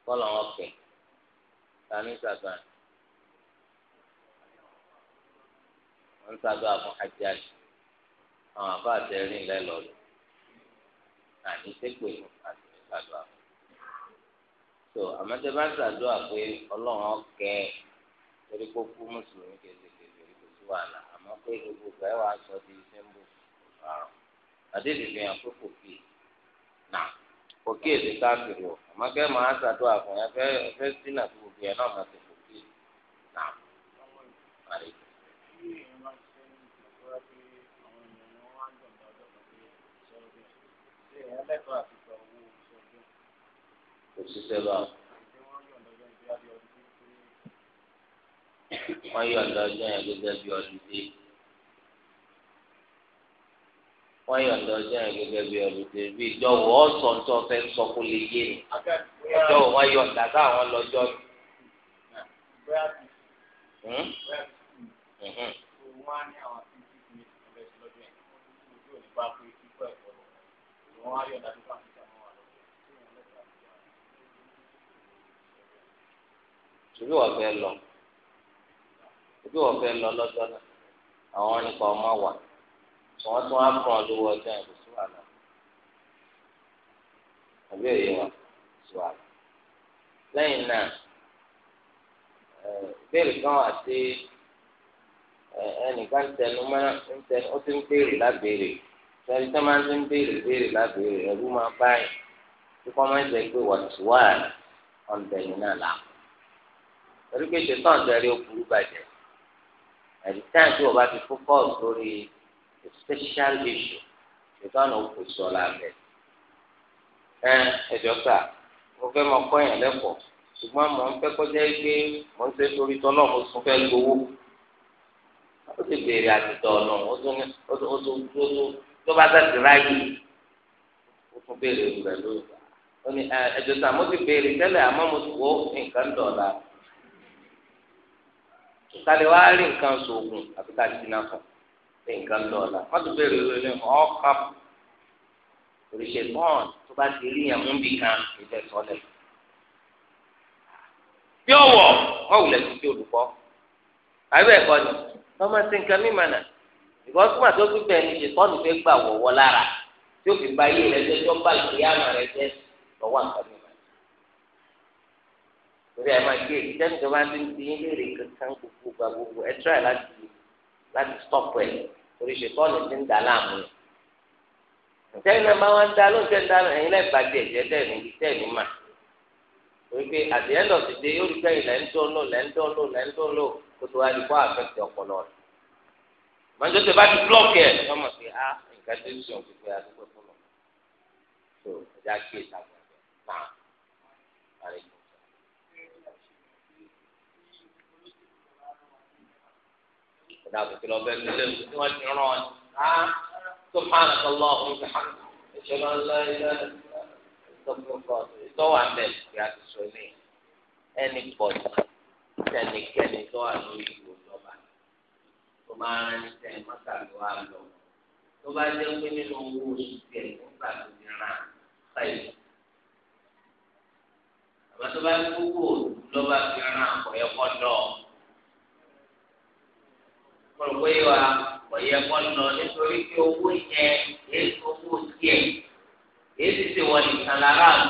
kọ́lọ̀ wọn kẹ̀ tani sàgbà wọn sàgbà fún ajáde àwọn àbá àtẹrìn lẹ́lọ́ọ̀lù àní sẹ́pè àti sàgbà fún so àmọ́tẹ́ bá ń ṣàdúrà pé ọlọ́run ọ̀kẹ́ torí kó kú mùsùlùmí kejì gbogbo àná àmọ́ pé gbogbo ẹ̀ wàá sọ di símbù àrùn àdéhùn fi hàn pé kò kì í nà kò kì í lè káàkiri o àmọ́ kẹ́ máa ẹ gbogbo náà máa ti kò kì í nà kò sí sẹ́lọ̀ wọ́n yọ ọ̀dọ̀ ọjọ́ yẹn gẹ́gẹ́ bí ọlùdé wọ́n yọ ọ̀dọ̀ ọjọ́ yẹn gẹ́gẹ́ bí ọlùdé bí ìjọwọ́ ọ̀sọ̀ntọ́ fẹ́ sọ kó lè yé ni ìjọwọ́ wọ́n yọ ọ̀dà táwọn lọ́jọ́ torí hmm? hmm. wọ́n fẹ́ lọ bí wọ́n fẹ́ lọ lọ́jọ́ náà àwọn nípa ọmọ wà wọ́n tún á kàn án lówó ọjọ́ yẹn kò sí wàhálà àbí òye wa sí wàhálà lẹ́yìn náà ìbéèrè kan wà sí ẹnìkan tẹnu máa ń tẹnu ó ti ń béèrè lábéèrè sẹ́ni tó máa ń ti ń béèrè béèrè lábéèrè ẹ̀rú máa báyìí tí kò máa ń jẹ́ pé wàtúwàá ọ̀nbẹ̀yìn náà là. torí pé ṣètò ọ̀dẹ́rẹ́ ó burú bàjẹ́ àti táyà tí wọ́n bá ti focus lórí special issue ìtọ́nà òkú sọ lábẹ́ ẹ ẹjọ́ sà mo fẹ́ mọ kọ́ yẹn lẹ́kọ̀ọ́ ṣùgbọ́n mo ń fẹ́ kọjá pé mo ń ṣe torí tọ́lọ́ mo tún fẹ́ gbowó ó sì béèrè àtìtọ́ ọ̀nà ó tún ó tún ó tún ó tún tó bá tẹ̀sí ráyè ó tún béèrè rẹ̀ lóòótọ́ ó ní ẹjọ́ sà mo ti béèrè tẹ́lẹ̀ àmọ́ mo ti wọ́ nǹkan dọ̀la sálẹ̀ wá rí nǹkan sògùn àti ká jìnnà fún pé nǹkan lọ ọ̀la wọ́n ti bẹ̀rẹ̀ ìwé ní ọ̀ọ́kà oríṣi bọ́ọ̀n tó bá ti rí yàn mú bí kan ìfẹ́ sọ́lẹ̀. bí ọ̀wọ̀ wọ́n wulẹ̀ sí ti olùkọ́ àbẹ̀ ẹ̀kọ́ ni wọ́n máa ti nǹkan mímọ̀ náà ìbọn tó máa tó tún bẹ̀ ní ṣètọ́nù fẹ́ gbà wọ̀wọ́ lára tí ó fi bá yé ẹ̀jẹ̀ tó bá ìgbéyàwó rẹ̀ jẹ́ lọ́wọ́ àkàdé torí ẹ máa gé ìjẹ́nu tó bá ti ń di léèrè kankan gbogbo gba gbogbo ẹ tíráì láti láti stop ẹ torí ṣètọ́nù ti ń dà láàmú ẹ ìjẹ́nu náà máa wá ń dá lóúnjẹ́ ń dá ẹ̀yin lẹ́ẹ̀ ẹ̀jẹ̀ tẹ̀ ní mà torí pé at the end of the day yóò rí pé ilẹ̀ ń tó lò lẹ́ ń tó lò lẹ́ ń tó lò kó tó wá di kó affect ọpọlọ rẹ̀ dàbò tí lọ́ọ́ bẹ́ẹ̀ lé tí wọ́n ti rán ọ́n á tó máa nà kọ́ lọ́ọ́ fún ìgbà ẹ̀ṣẹ̀ máa ń lọ ilé ìtọ́wà ń bẹ̀ kí a ti sọ ní ẹnì pọ̀jù tẹnikẹ́ni tó wà lórí ìwò lọ́ba tó máa ń rán tẹ̀ mọ́tà ló lọ tó bá jẹ́ pé nínú owó oṣù tiẹ̀ nígbà tó ti rán báyìí àmọ́ tó bá gbogbo lọ́ba fi rán ọ̀yẹ́kọ́ dọ́ọ̀. kọlọpọ yìí wa ọyẹ kọlọ nítorí pé owó yẹn èyí owó díẹ̀ ti wọn nìkan lára mi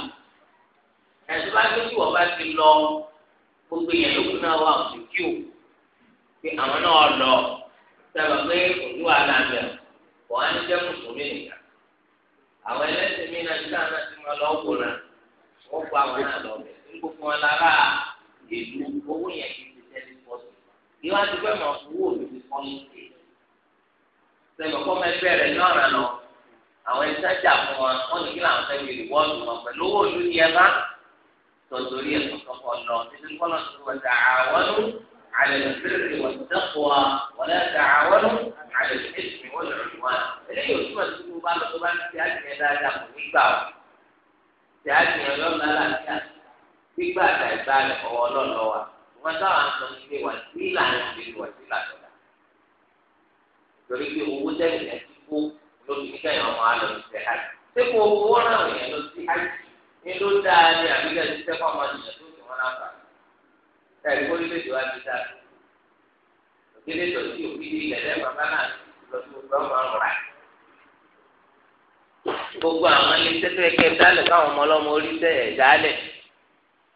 ẹsùn bá tó tí wọn bá ti lọ gbogbo yẹn náà wà ó ti kí o pé àwọn náà lọ sábà pé wọn á ní jẹ mùsùlùmí nìkan àwọn mi náà nígbà náà ti máa ìwà ti fẹ́ mọ̀ owó òdòdó kan ní ìpè sẹ́yìn kọ́ mẹ́ bẹ̀rẹ̀ lọ́ràn lọ àwọn ẹni sájà fún wa wọ́n ní kí làwọn fẹ́ fi rìwọ́ọ̀dù wọn pẹ̀lú owó òdòdó yẹn bá tọ̀tọ̀rí ẹ̀sùn kọ̀ọ̀kan lọ títí kọ́nà tó wọ́n dà àwọnú على البر والتقوى ولا ti bá lọ tó bá ti àti ẹ̀ dáadáa kò ní ti àti ẹ̀ lọ́nà láti àti wọn táwọn sọ ní pé wà sí ìlànà ìlú wà sí ìlànà ìlànà torí pé owó tẹ̀lé ẹ̀ ti kó lóbi níkà yẹn wọn á lọ sí hajj sépò owó náà yẹn lọ sí hajj ní ló dáa ní àbíkẹ́ ti sẹ́kọ̀ ọmọ nìyẹn tó ti wọn náà fà ẹ̀rí kó lílé tó ti dáa òkèlè tó ti òkèlè ilẹ̀ lẹ́ gbogbo àwọn ilé tẹ́tẹ́ kẹ́ dálẹ̀ káwọn ọmọ ọlọ́mọ orí tẹ̀ ẹ̀ dálẹ̀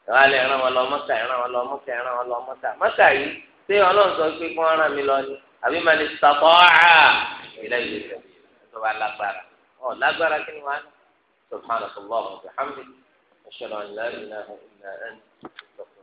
ẹ̀rọ alẹ́ ẹ̀ràn wọn lọ mọ́kà ẹ̀ràn wọn lọ mọ́kà ẹ̀ràn wọn lọ mọ́kà mọ́kà yìí ṣé ọlọ́run sọ pé kí wọ́n rán mi lọ ni àbí màá ní sàbọ̀ ọ̀hà ìlẹ̀ ìlẹ̀ ìlẹ̀ tó bá lágbára ọ̀ lágbára kí ni wàá ní subhanahu wa ta'ala alhamdulilayi